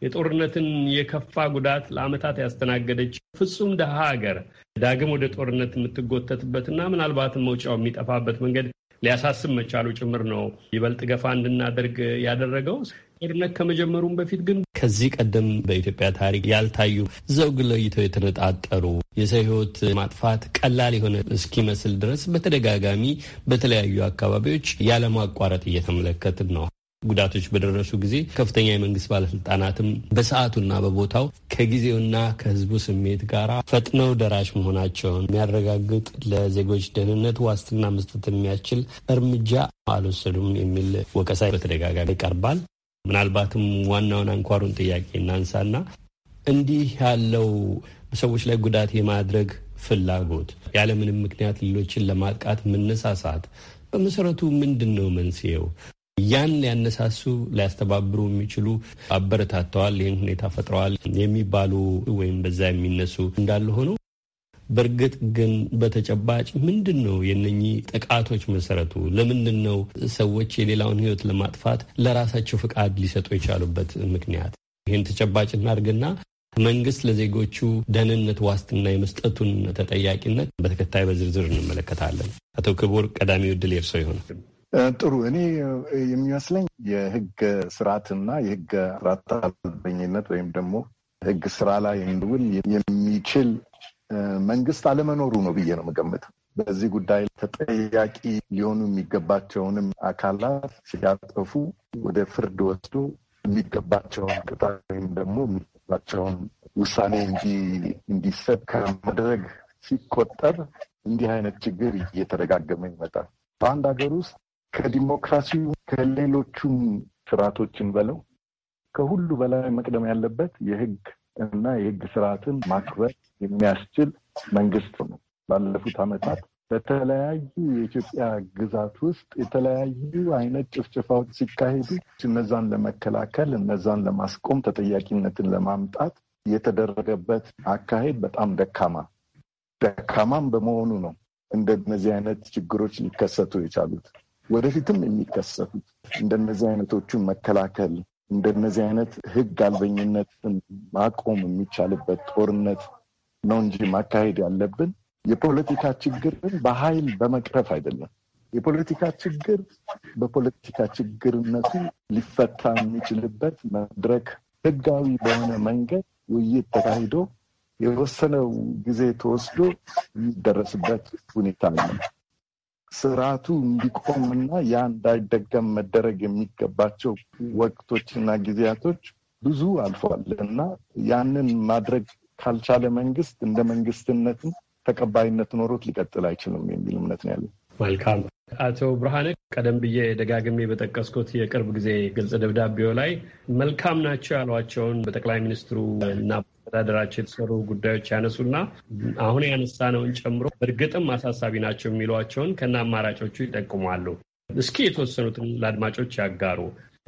የጦርነትን የከፋ ጉዳት ለዓመታት ያስተናገደች ፍጹም ደሃ ሀገር ዳግም ወደ ጦርነት የምትጎተትበትና ምናልባትም መውጫው የሚጠፋበት መንገድ ሊያሳስብ መቻሉ ጭምር ነው ይበልጥ ገፋ እንድናደርግ ያደረገው። ጦርነት ከመጀመሩም በፊት ግን ከዚህ ቀደም በኢትዮጵያ ታሪክ ያልታዩ ዘውግ ለይተው የተነጣጠሩ የሰው ሕይወት ማጥፋት ቀላል የሆነ እስኪመስል ድረስ በተደጋጋሚ በተለያዩ አካባቢዎች ያለማቋረጥ እየተመለከትን ነው። ጉዳቶች በደረሱ ጊዜ ከፍተኛ የመንግስት ባለስልጣናትም በሰዓቱና በቦታው ከጊዜውና ከህዝቡ ስሜት ጋር ፈጥነው ደራሽ መሆናቸውን የሚያረጋግጥ ለዜጎች ደህንነት ዋስትና መስጠት የሚያስችል እርምጃ አልወሰዱም የሚል ወቀሳ በተደጋጋሚ ይቀርባል። ምናልባትም ዋናውን አንኳሩን ጥያቄ እናንሳና እንዲህ ያለው በሰዎች ላይ ጉዳት የማድረግ ፍላጎት ያለምንም ምክንያት ሌሎችን ለማጥቃት መነሳሳት በመሰረቱ ምንድን ነው መንስኤው? ያን ሊያነሳሱ ሊያስተባብሩ የሚችሉ አበረታተዋል፣ ይህን ሁኔታ ፈጥረዋል የሚባሉ ወይም በዛ የሚነሱ እንዳለ ሆነው በእርግጥ ግን በተጨባጭ ምንድን ነው የነኚህ ጥቃቶች መሰረቱ? ለምንድን ነው ሰዎች የሌላውን ህይወት ለማጥፋት ለራሳቸው ፍቃድ ሊሰጡ የቻሉበት ምክንያት? ይህን ተጨባጭ እናድርግና መንግስት ለዜጎቹ ደህንነት ዋስትና የመስጠቱን ተጠያቂነት በተከታይ በዝርዝር እንመለከታለን። አቶ ክቡር ቀዳሚው ዕድል የእርስዎ ይሆናል። ጥሩ። እኔ የሚመስለኝ የህግ ስርዓትና የህግ ስርዓት አልበኝነት ወይም ደግሞ ህግ ስራ ላይ እንዲውል የሚችል መንግስት አለመኖሩ ነው ብዬ ነው የምገምተው። በዚህ ጉዳይ ተጠያቂ ሊሆኑ የሚገባቸውንም አካላት ሲያጠፉ ወደ ፍርድ ወስዶ የሚገባቸውን ቅጣት ወይም ደግሞ የሚገባቸውን ውሳኔ እንዲሰጥ ከማድረግ ሲቆጠብ እንዲህ አይነት ችግር እየተደጋገመ ይመጣል። በአንድ ሀገር ውስጥ ከዲሞክራሲው ከሌሎቹም ስርዓቶችን በለው ከሁሉ በላይ መቅደም ያለበት የህግ እና የህግ ስርዓትን ማክበር የሚያስችል መንግስት ነው። ባለፉት ዓመታት በተለያዩ የኢትዮጵያ ግዛት ውስጥ የተለያዩ አይነት ጭፍጭፋዎች ሲካሄዱ እነዛን ለመከላከል እነዛን ለማስቆም ተጠያቂነትን ለማምጣት የተደረገበት አካሄድ በጣም ደካማ ደካማም በመሆኑ ነው እንደነዚህ አይነት ችግሮች ሊከሰቱ የቻሉት። ወደፊትም የሚከሰቱት እንደነዚህ አይነቶቹን መከላከል እንደነዚህ አይነት ህግ አልበኝነትን ማቆም የሚቻልበት ጦርነት ነው እንጂ ማካሄድ ያለብን የፖለቲካ ችግርን በኃይል በመቅረፍ አይደለም። የፖለቲካ ችግር በፖለቲካ ችግርነቱ ሊፈታ የሚችልበት መድረክ ህጋዊ በሆነ መንገድ ውይይት ተካሂዶ የወሰነው ጊዜ ተወስዶ የሚደረስበት ሁኔታ ነው። ስርዓቱ እንዲቆምና ያ እንዳይደገም መደረግ የሚገባቸው ወቅቶችና ጊዜያቶች ብዙ አልፏል እና ያንን ማድረግ ካልቻለ መንግስት እንደ መንግስትነትም ተቀባይነት ኖሮት ሊቀጥል አይችልም የሚል እምነት ነው ያለው። መልካም አቶ ብርሃነ ቀደም ብዬ ደጋግሜ በጠቀስኩት የቅርብ ጊዜ ግልጽ ደብዳቤው ላይ መልካም ናቸው ያሏቸውን በጠቅላይ ሚኒስትሩ እና በአስተዳደራቸው የተሰሩ ጉዳዮች ያነሱና አሁን ያነሳነውን ጨምሮ እርግጥም አሳሳቢ ናቸው የሚሏቸውን ከነ አማራጮቹ ይጠቁማሉ። እስኪ የተወሰኑትን ለአድማጮች ያጋሩ።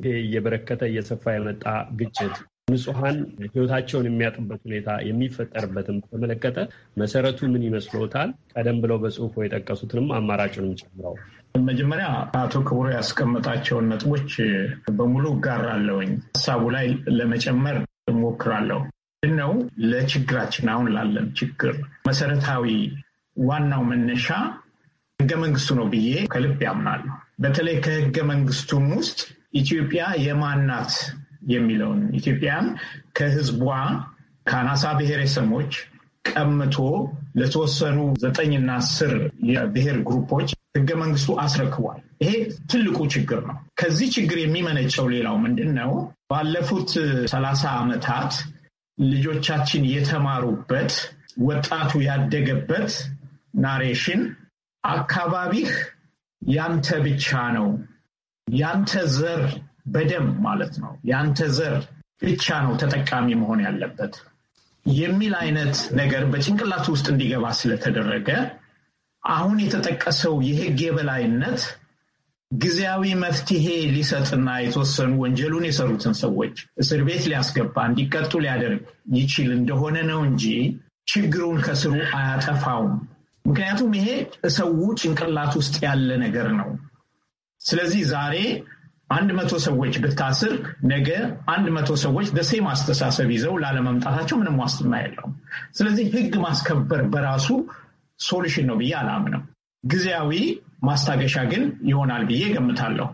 ይሄ እየበረከተ እየሰፋ የመጣ ግጭት ንጹሐን ህይወታቸውን የሚያጡበት ሁኔታ የሚፈጠርበትን በተመለከተ መሰረቱ ምን ይመስሎታል? ቀደም ብለው በጽሁፎ የጠቀሱትንም አማራጩንም ጨምረው። መጀመሪያ አቶ ክቡር ያስቀመጣቸውን ነጥቦች በሙሉ እጋራለሁኝ። ሀሳቡ ላይ ለመጨመር እሞክራለሁ። ምንድነው ለችግራችን አሁን ላለን ችግር መሰረታዊ ዋናው መነሻ ህገ መንግስቱ ነው ብዬ ከልብ ያምናለሁ። በተለይ ከህገ መንግስቱም ውስጥ ኢትዮጵያ የማናት የሚለውን ኢትዮጵያን ከህዝቧ ከአናሳ ብሔረሰቦች ቀምቶ ለተወሰኑ ዘጠኝና አስር የብሔር ግሩፖች ህገ መንግስቱ አስረክቧል። ይሄ ትልቁ ችግር ነው። ከዚህ ችግር የሚመነጨው ሌላው ምንድን ነው? ባለፉት ሰላሳ ዓመታት ልጆቻችን የተማሩበት ወጣቱ ያደገበት ናሬሽን አካባቢህ ያንተ ብቻ ነው፣ ያንተ ዘር በደም ማለት ነው ያንተ ዘር ብቻ ነው ተጠቃሚ መሆን ያለበት የሚል አይነት ነገር በጭንቅላት ውስጥ እንዲገባ ስለተደረገ አሁን የተጠቀሰው የህግ የበላይነት ጊዜያዊ መፍትሄ ሊሰጥና የተወሰኑ ወንጀሉን የሰሩትን ሰዎች እስር ቤት ሊያስገባ እንዲቀጡ ሊያደርግ ይችል እንደሆነ ነው እንጂ ችግሩን ከስሩ አያጠፋውም። ምክንያቱም ይሄ ሰው ጭንቅላት ውስጥ ያለ ነገር ነው። ስለዚህ ዛሬ አንድ መቶ ሰዎች ብታስር ነገ አንድ መቶ ሰዎች ደሴም አስተሳሰብ ይዘው ላለመምጣታቸው ምንም ዋስትና የለውም። ስለዚህ ህግ ማስከበር በራሱ ሶሉሽን ነው ብዬ አላምንም። ጊዜያዊ ማስታገሻ ግን ይሆናል ብዬ ገምታለሁ።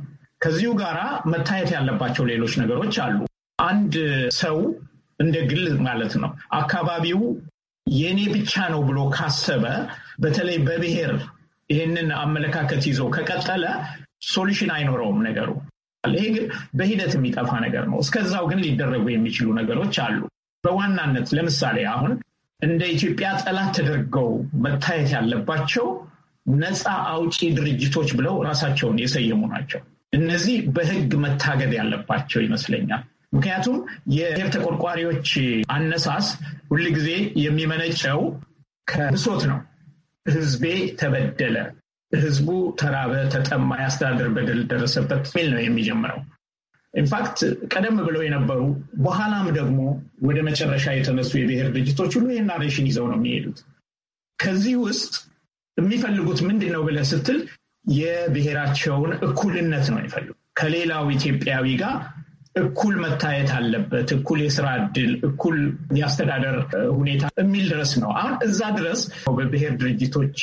ከዚሁ ጋራ መታየት ያለባቸው ሌሎች ነገሮች አሉ። አንድ ሰው እንደ ግል ማለት ነው አካባቢው የእኔ ብቻ ነው ብሎ ካሰበ በተለይ በብሔር ይህንን አመለካከት ይዞ ከቀጠለ ሶሉሽን አይኖረውም ነገሩ። አለ። ይሄ ግን በሂደት የሚጠፋ ነገር ነው። እስከዛው ግን ሊደረጉ የሚችሉ ነገሮች አሉ። በዋናነት ለምሳሌ አሁን እንደ ኢትዮጵያ ጠላት ተደርገው መታየት ያለባቸው ነፃ አውጪ ድርጅቶች ብለው ራሳቸውን የሰየሙ ናቸው። እነዚህ በሕግ መታገድ ያለባቸው ይመስለኛል። ምክንያቱም የብሔር ተቆርቋሪዎች አነሳስ ሁልጊዜ የሚመነጨው ከብሶት ነው። ሕዝቤ ተበደለ ህዝቡ ተራበ፣ ተጠማ፣ የአስተዳደር በደል ደረሰበት ሚል ነው የሚጀምረው። ኢንፋክት ቀደም ብለው የነበሩ በኋላም ደግሞ ወደ መጨረሻ የተነሱ የብሔር ድርጅቶች ሁሉ ይህን ናሬሽን ይዘው ነው የሚሄዱት። ከዚህ ውስጥ የሚፈልጉት ምንድን ነው ብለህ ስትል የብሔራቸውን እኩልነት ነው የሚፈልጉት ከሌላው ኢትዮጵያዊ ጋር እኩል መታየት አለበት፣ እኩል የስራ እድል፣ እኩል የአስተዳደር ሁኔታ የሚል ድረስ ነው። አሁን እዛ ድረስ በብሔር ድርጅቶች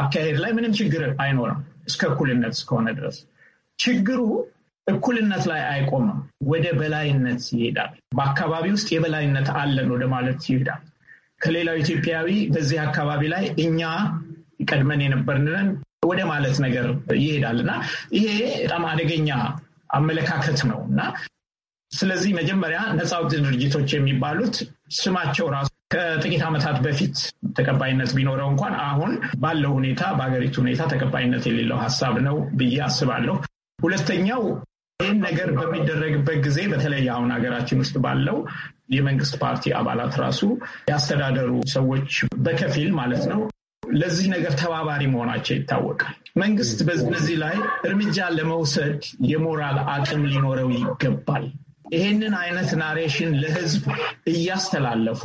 አካሄድ ላይ ምንም ችግር አይኖርም እስከ እኩልነት እስከሆነ ድረስ ችግሩ እኩልነት ላይ አይቆምም። ወደ በላይነት ይሄዳል። በአካባቢ ውስጥ የበላይነት አለን ወደ ማለት ይሄዳል። ከሌላው ኢትዮጵያዊ በዚህ አካባቢ ላይ እኛ ቀድመን የነበርንን ወደ ማለት ነገር ይሄዳል እና ይሄ በጣም አደገኛ አመለካከት ነው እና ስለዚህ መጀመሪያ ነፃ አውጪ ድርጅቶች የሚባሉት ስማቸው ራሱ ከጥቂት ዓመታት በፊት ተቀባይነት ቢኖረው እንኳን አሁን ባለው ሁኔታ በሀገሪቱ ሁኔታ ተቀባይነት የሌለው ሀሳብ ነው ብዬ አስባለሁ። ሁለተኛው ይህን ነገር በሚደረግበት ጊዜ በተለይ አሁን ሀገራችን ውስጥ ባለው የመንግስት ፓርቲ አባላት ራሱ ያስተዳደሩ ሰዎች በከፊል ማለት ነው ለዚህ ነገር ተባባሪ መሆናቸው ይታወቃል። መንግስት በዚህ ላይ እርምጃ ለመውሰድ የሞራል አቅም ሊኖረው ይገባል። ይሄንን አይነት ናሬሽን ለህዝብ እያስተላለፉ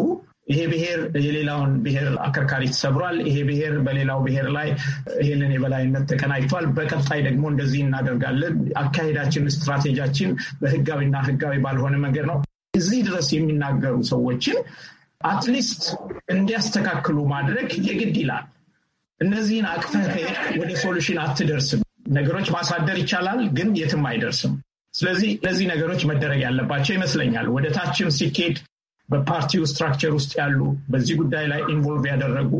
ይሄ ብሔር የሌላውን ብሔር አከርካሪ ተሰብሯል፣ ይሄ ብሔር በሌላው ብሔር ላይ ይህንን የበላይነት ተቀናጅቷል፣ በቀጣይ ደግሞ እንደዚህ እናደርጋለን፣ አካሄዳችን፣ ስትራቴጂያችን በህጋዊና ህጋዊ ባልሆነ መንገድ ነው እዚህ ድረስ የሚናገሩ ሰዎችን አትሊስት እንዲያስተካክሉ ማድረግ የግድ ይላል። እነዚህን አቅፈህ ወደ ሶሉሽን አትደርስም። ነገሮች ማሳደር ይቻላል፣ ግን የትም አይደርስም። ስለዚህ እነዚህ ነገሮች መደረግ ያለባቸው ይመስለኛል። ወደ ታችም ሲኬድ በፓርቲው ስትራክቸር ውስጥ ያሉ በዚህ ጉዳይ ላይ ኢንቮልቭ ያደረጉ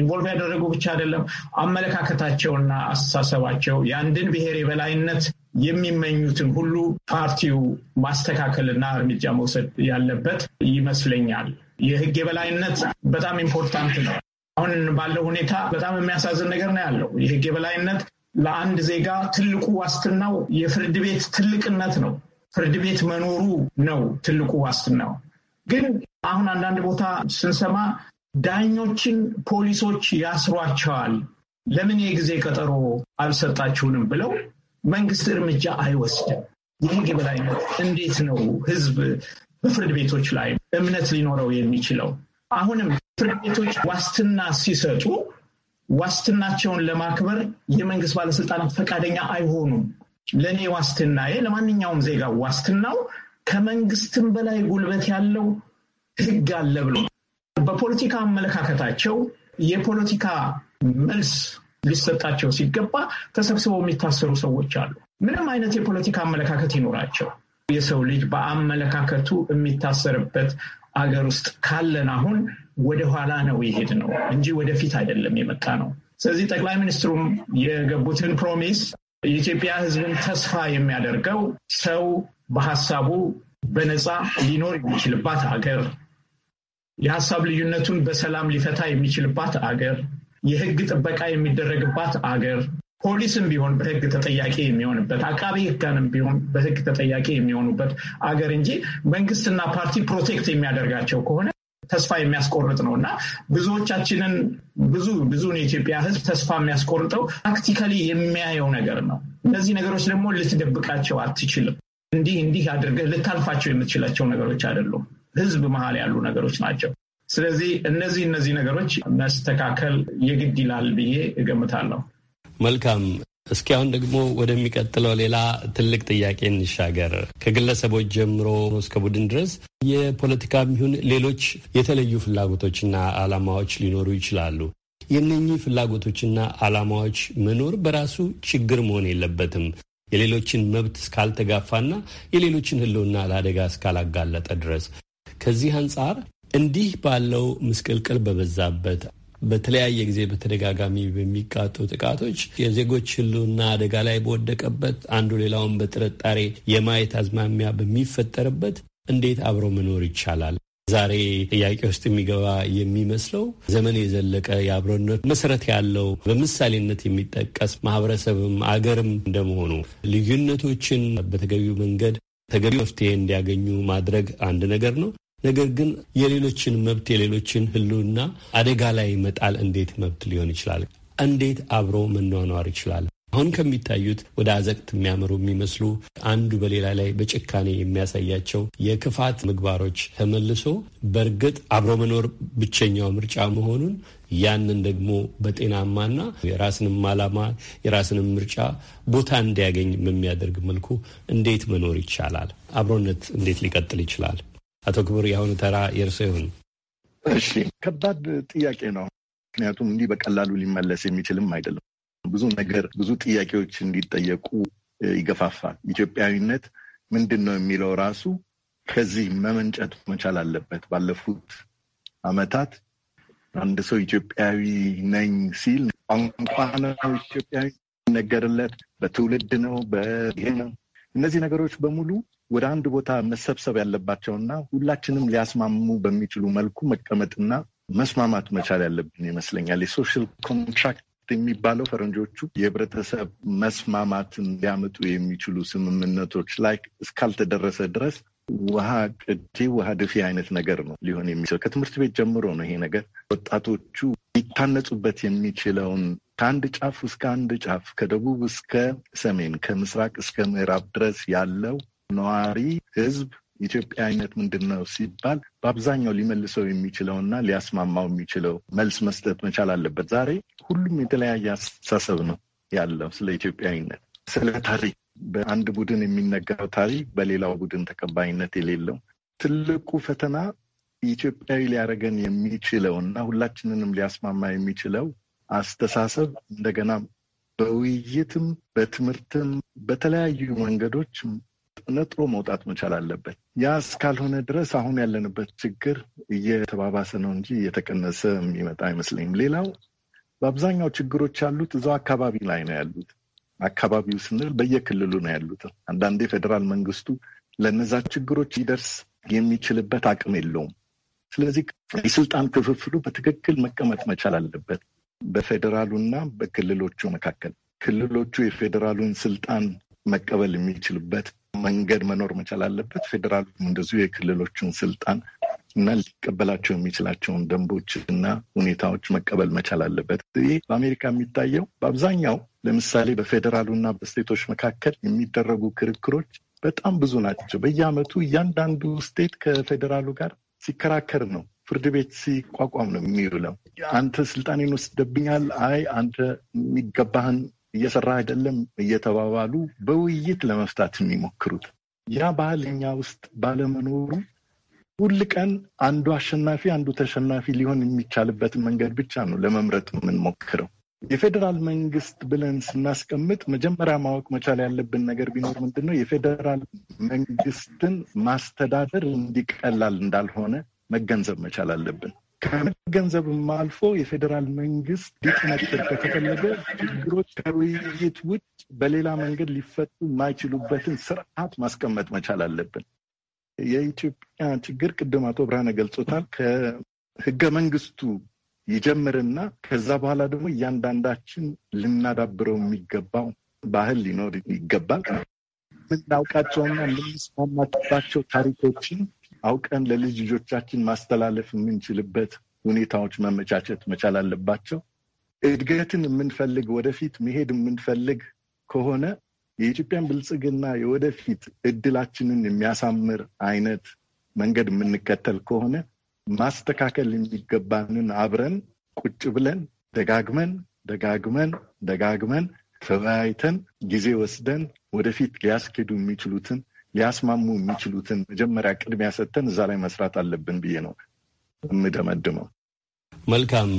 ኢንቮልቭ ያደረጉ ብቻ አይደለም፣ አመለካከታቸውና አስተሳሰባቸው የአንድን ብሔር የበላይነት የሚመኙትን ሁሉ ፓርቲው ማስተካከልና እርምጃ መውሰድ ያለበት ይመስለኛል። የህግ የበላይነት በጣም ኢምፖርታንት ነው። አሁን ባለው ሁኔታ በጣም የሚያሳዝን ነገር ነው ያለው። የህግ የበላይነት ለአንድ ዜጋ ትልቁ ዋስትናው የፍርድ ቤት ትልቅነት ነው። ፍርድ ቤት መኖሩ ነው ትልቁ ዋስትናው። ግን አሁን አንዳንድ ቦታ ስንሰማ ዳኞችን ፖሊሶች ያስሯቸዋል፣ ለምን የጊዜ ቀጠሮ አልሰጣችሁንም ብለው መንግስት እርምጃ አይወስድም። የህግ የበላይነት እንዴት ነው ህዝብ በፍርድ ቤቶች ላይ እምነት ሊኖረው የሚችለው? አሁንም ፍርድ ቤቶች ዋስትና ሲሰጡ ዋስትናቸውን ለማክበር የመንግስት ባለስልጣናት ፈቃደኛ አይሆኑም። ለእኔ ዋስትናዬ፣ ለማንኛውም ዜጋ ዋስትናው ከመንግስትም በላይ ጉልበት ያለው ህግ አለ ብሎ በፖለቲካ አመለካከታቸው የፖለቲካ መልስ ሊሰጣቸው ሲገባ ተሰብስበው የሚታሰሩ ሰዎች አሉ። ምንም አይነት የፖለቲካ አመለካከት ይኖራቸው የሰው ልጅ በአመለካከቱ የሚታሰርበት አገር ውስጥ ካለን አሁን ወደ ኋላ ነው የሄድ ነው እንጂ ወደፊት አይደለም የመጣ ነው። ስለዚህ ጠቅላይ ሚኒስትሩም የገቡትን ፕሮሚስ የኢትዮጵያ ሕዝብን ተስፋ የሚያደርገው ሰው በሀሳቡ በነፃ ሊኖር የሚችልባት አገር፣ የሀሳብ ልዩነቱን በሰላም ሊፈታ የሚችልባት አገር፣ የህግ ጥበቃ የሚደረግባት አገር፣ ፖሊስም ቢሆን በህግ ተጠያቂ የሚሆንበት፣ አቃቤ ህጋንም ቢሆን በህግ ተጠያቂ የሚሆኑበት አገር እንጂ መንግስትና ፓርቲ ፕሮቴክት የሚያደርጋቸው ከሆነ ተስፋ የሚያስቆርጥ ነው እና ብዙዎቻችንን ብዙ ብዙን የኢትዮጵያ ሕዝብ ተስፋ የሚያስቆርጠው ፕራክቲካሊ የሚያየው ነገር ነው። እነዚህ ነገሮች ደግሞ ልትደብቃቸው አትችልም። እንዲህ እንዲህ አድርገህ ልታልፋቸው የምትችላቸው ነገሮች አይደሉም። ሕዝብ መሀል ያሉ ነገሮች ናቸው። ስለዚህ እነዚህ እነዚህ ነገሮች መስተካከል የግድ ይላል ብዬ እገምታለሁ። መልካም እስኪ አሁን ደግሞ ወደሚቀጥለው ሌላ ትልቅ ጥያቄ እንሻገር። ከግለሰቦች ጀምሮ እስከ ቡድን ድረስ የፖለቲካ ይሁን ሌሎች የተለዩ ፍላጎቶችና አላማዎች ሊኖሩ ይችላሉ። የእነኚህ ፍላጎቶችና አላማዎች መኖር በራሱ ችግር መሆን የለበትም የሌሎችን መብት እስካልተጋፋና የሌሎችን ሕልውና ለአደጋ እስካላጋለጠ ድረስ። ከዚህ አንጻር እንዲህ ባለው ምስቅልቅል በበዛበት በተለያየ ጊዜ በተደጋጋሚ በሚቃጡ ጥቃቶች የዜጎች ሕልውና አደጋ ላይ በወደቀበት አንዱ ሌላውን በጥርጣሬ የማየት አዝማሚያ በሚፈጠርበት እንዴት አብሮ መኖር ይቻላል? ዛሬ ጥያቄ ውስጥ የሚገባ የሚመስለው ዘመን የዘለቀ የአብሮነት መሰረት ያለው በምሳሌነት የሚጠቀስ ማህበረሰብም አገርም እንደመሆኑ ልዩነቶችን በተገቢው መንገድ ተገቢ መፍትሄ እንዲያገኙ ማድረግ አንድ ነገር ነው። ነገር ግን የሌሎችን መብት የሌሎችን ህልውና አደጋ ላይ መጣል እንዴት መብት ሊሆን ይችላል? እንዴት አብሮ መኗኗር ይችላል? አሁን ከሚታዩት ወደ አዘቅት የሚያምሩ የሚመስሉ አንዱ በሌላ ላይ በጭካኔ የሚያሳያቸው የክፋት ምግባሮች ተመልሶ በእርግጥ አብሮ መኖር ብቸኛው ምርጫ መሆኑን ያንን ደግሞ በጤናማና የራስንም ዓላማ የራስንም ምርጫ ቦታ እንዲያገኝ በሚያደርግ መልኩ እንዴት መኖር ይቻላል? አብሮነት እንዴት ሊቀጥል ይችላል? አቶ ክቡር የአሁኑ ተራ የእርሶ ይሁን። እሺ፣ ከባድ ጥያቄ ነው። ምክንያቱም እንዲህ በቀላሉ ሊመለስ የሚችልም አይደለም። ብዙ ነገር ብዙ ጥያቄዎች እንዲጠየቁ ይገፋፋል። ኢትዮጵያዊነት ምንድን ነው የሚለው ራሱ ከዚህ መመንጨት መቻል አለበት። ባለፉት ዓመታት አንድ ሰው ኢትዮጵያዊ ነኝ ሲል ቋንቋ ነው ኢትዮጵያዊ ይነገርለት፣ በትውልድ ነው በይሄ ነው እነዚህ ነገሮች በሙሉ ወደ አንድ ቦታ መሰብሰብ ያለባቸውና ሁላችንም ሊያስማሙ በሚችሉ መልኩ መቀመጥና መስማማት መቻል ያለብን ይመስለኛል። የሶሻል ኮንትራክት የሚባለው ፈረንጆቹ የህብረተሰብ መስማማትን ሊያመጡ የሚችሉ ስምምነቶች ላይ እስካልተደረሰ ድረስ ውሃ ቅዴ ውሃ ድፌ አይነት ነገር ነው ሊሆን የሚችለው። ከትምህርት ቤት ጀምሮ ነው ይሄ ነገር ወጣቶቹ ሊታነጹበት የሚችለውን ከአንድ ጫፍ እስከ አንድ ጫፍ ከደቡብ እስከ ሰሜን ከምስራቅ እስከ ምዕራብ ድረስ ያለው ነዋሪ ህዝብ ኢትዮጵያዊነት ምንድን ነው ሲባል በአብዛኛው ሊመልሰው የሚችለውና ሊያስማማው የሚችለው መልስ መስጠት መቻል አለበት። ዛሬ ሁሉም የተለያየ አስተሳሰብ ነው ያለው ስለ ኢትዮጵያዊነት፣ ስለ ታሪክ። በአንድ ቡድን የሚነገረው ታሪክ በሌላው ቡድን ተቀባይነት የሌለው ትልቁ ፈተና ኢትዮጵያዊ ሊያደርገን የሚችለው እና ሁላችንንም ሊያስማማ የሚችለው አስተሳሰብ እንደገና በውይይትም በትምህርትም በተለያዩ መንገዶች ነጥሮ መውጣት መቻል አለበት። ያ እስካልሆነ ድረስ አሁን ያለንበት ችግር እየተባባሰ ነው እንጂ እየተቀነሰ የሚመጣ አይመስለኝም። ሌላው በአብዛኛው ችግሮች ያሉት እዛው አካባቢ ላይ ነው ያሉት። አካባቢው ስንል በየክልሉ ነው ያሉት። አንዳንዴ ፌዴራል መንግስቱ ለነዛ ችግሮች ሊደርስ የሚችልበት አቅም የለውም። ስለዚህ የስልጣን ክፍፍሉ በትክክል መቀመጥ መቻል አለበት በፌዴራሉና በክልሎቹ መካከል። ክልሎቹ የፌዴራሉን ስልጣን መቀበል የሚችልበት መንገድ መኖር መቻል አለበት። ፌዴራሉም እንደዚሁ የክልሎችን ስልጣን እና ሊቀበላቸው የሚችላቸውን ደንቦች እና ሁኔታዎች መቀበል መቻል አለበት። ይህ በአሜሪካ የሚታየው በአብዛኛው ለምሳሌ በፌዴራሉ እና በስቴቶች መካከል የሚደረጉ ክርክሮች በጣም ብዙ ናቸው። በየዓመቱ እያንዳንዱ ስቴት ከፌዴራሉ ጋር ሲከራከር ነው። ፍርድ ቤት ሲቋቋም ነው የሚውለው። አንተ ስልጣኔን ወስደብኛል፣ አይ አንተ የሚገባህን እየሰራ አይደለም እየተባባሉ በውይይት ለመፍታት የሚሞክሩት ያ ባህል እኛ ውስጥ ባለመኖሩ ሁል ቀን አንዱ አሸናፊ አንዱ ተሸናፊ ሊሆን የሚቻልበትን መንገድ ብቻ ነው ለመምረጥ የምንሞክረው። የፌዴራል መንግስት ብለን ስናስቀምጥ መጀመሪያ ማወቅ መቻል ያለብን ነገር ቢኖር ምንድን ነው የፌዴራል መንግስትን ማስተዳደር እንዲቀላል እንዳልሆነ መገንዘብ መቻል አለብን። ከገንዘብም አልፎ የፌዴራል መንግስት ሊጠነክር ከተፈለገ ችግሮች ከውይይት ውጭ በሌላ መንገድ ሊፈቱ የማይችሉበትን ስርዓት ማስቀመጥ መቻል አለብን። የኢትዮጵያ ችግር ቅድም አቶ ብርሃነ ገልጾታል። ከህገ መንግስቱ ይጀምርና ከዛ በኋላ ደግሞ እያንዳንዳችን ልናዳብረው የሚገባው ባህል ሊኖር ይገባል። የምናውቃቸውና የምንስማማባቸው ታሪኮችን አውቀን ለልጅ ልጆቻችን ማስተላለፍ የምንችልበት ሁኔታዎች መመቻቸት መቻል አለባቸው። እድገትን የምንፈልግ ወደፊት መሄድ የምንፈልግ ከሆነ የኢትዮጵያን ብልጽግና የወደፊት እድላችንን የሚያሳምር አይነት መንገድ የምንከተል ከሆነ ማስተካከል የሚገባንን አብረን ቁጭ ብለን ደጋግመን ደጋግመን ደጋግመን ተወያይተን ጊዜ ወስደን ወደፊት ሊያስኬዱ የሚችሉትን ሊያስማሙ የሚችሉትን መጀመሪያ ቅድሚያ ሰጥተን እዛ ላይ መስራት አለብን ብዬ ነው የምደመድመው። መልካም።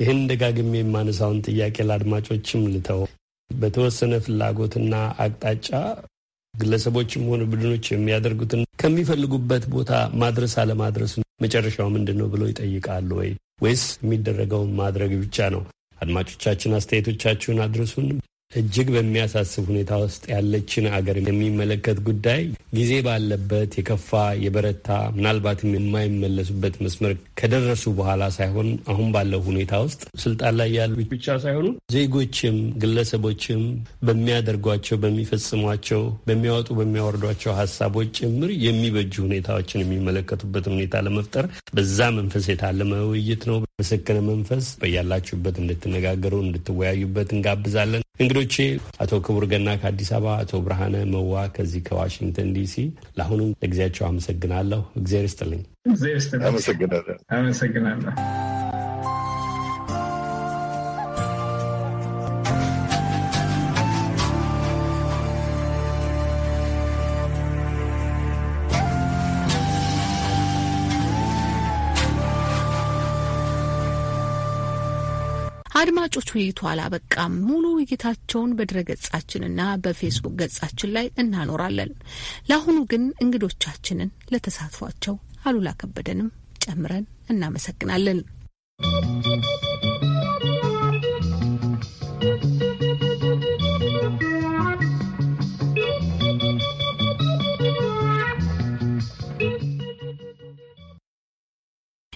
ይህን ደጋግሜ የማነሳውን ጥያቄ ለአድማጮችም ልተው። በተወሰነ ፍላጎትና አቅጣጫ ግለሰቦችም ሆኑ ቡድኖች የሚያደርጉትን ከሚፈልጉበት ቦታ ማድረስ አለማድረስ መጨረሻው ምንድን ነው ብለው ይጠይቃሉ ወይ ወይስ የሚደረገውን ማድረግ ብቻ ነው? አድማጮቻችን አስተያየቶቻችሁን አድርሱን። እጅግ በሚያሳስብ ሁኔታ ውስጥ ያለችን አገር የሚመለከት ጉዳይ ጊዜ ባለበት የከፋ የበረታ ምናልባትም የማይመለሱበት መስመር ከደረሱ በኋላ ሳይሆን አሁን ባለው ሁኔታ ውስጥ ስልጣን ላይ ያሉ ብቻ ሳይሆኑ ዜጎችም ግለሰቦችም በሚያደርጓቸው፣ በሚፈጽሟቸው፣ በሚያወጡ በሚያወርዷቸው ሀሳቦች ጭምር የሚበጁ ሁኔታዎችን የሚመለከቱበት ሁኔታ ለመፍጠር በዛ መንፈስ የታለመ ውይይት ነው። በሰከነ መንፈስ በያላችሁበት እንድትነጋገሩ እንድትወያዩበት እንጋብዛለን። እንግዶቼ አቶ ክቡር ገና ከአዲስ አበባ፣ አቶ ብርሃነ መዋ ከዚህ ከዋሽንግተን ዲሲ፣ ለአሁኑም ለጊዜያቸው አመሰግናለሁ። እግዚአብሔር ይስጥልኝ። አመሰግናለሁ። አድማጮች ውይይቱ አላበቃም። ሙሉ ውይይታቸውን በድረገጻችንና በፌስቡክ ገጻችን ላይ እናኖራለን። ለአሁኑ ግን እንግዶቻችንን ለተሳትፏቸው አሉላ ከበደንም ጨምረን እናመሰግናለን።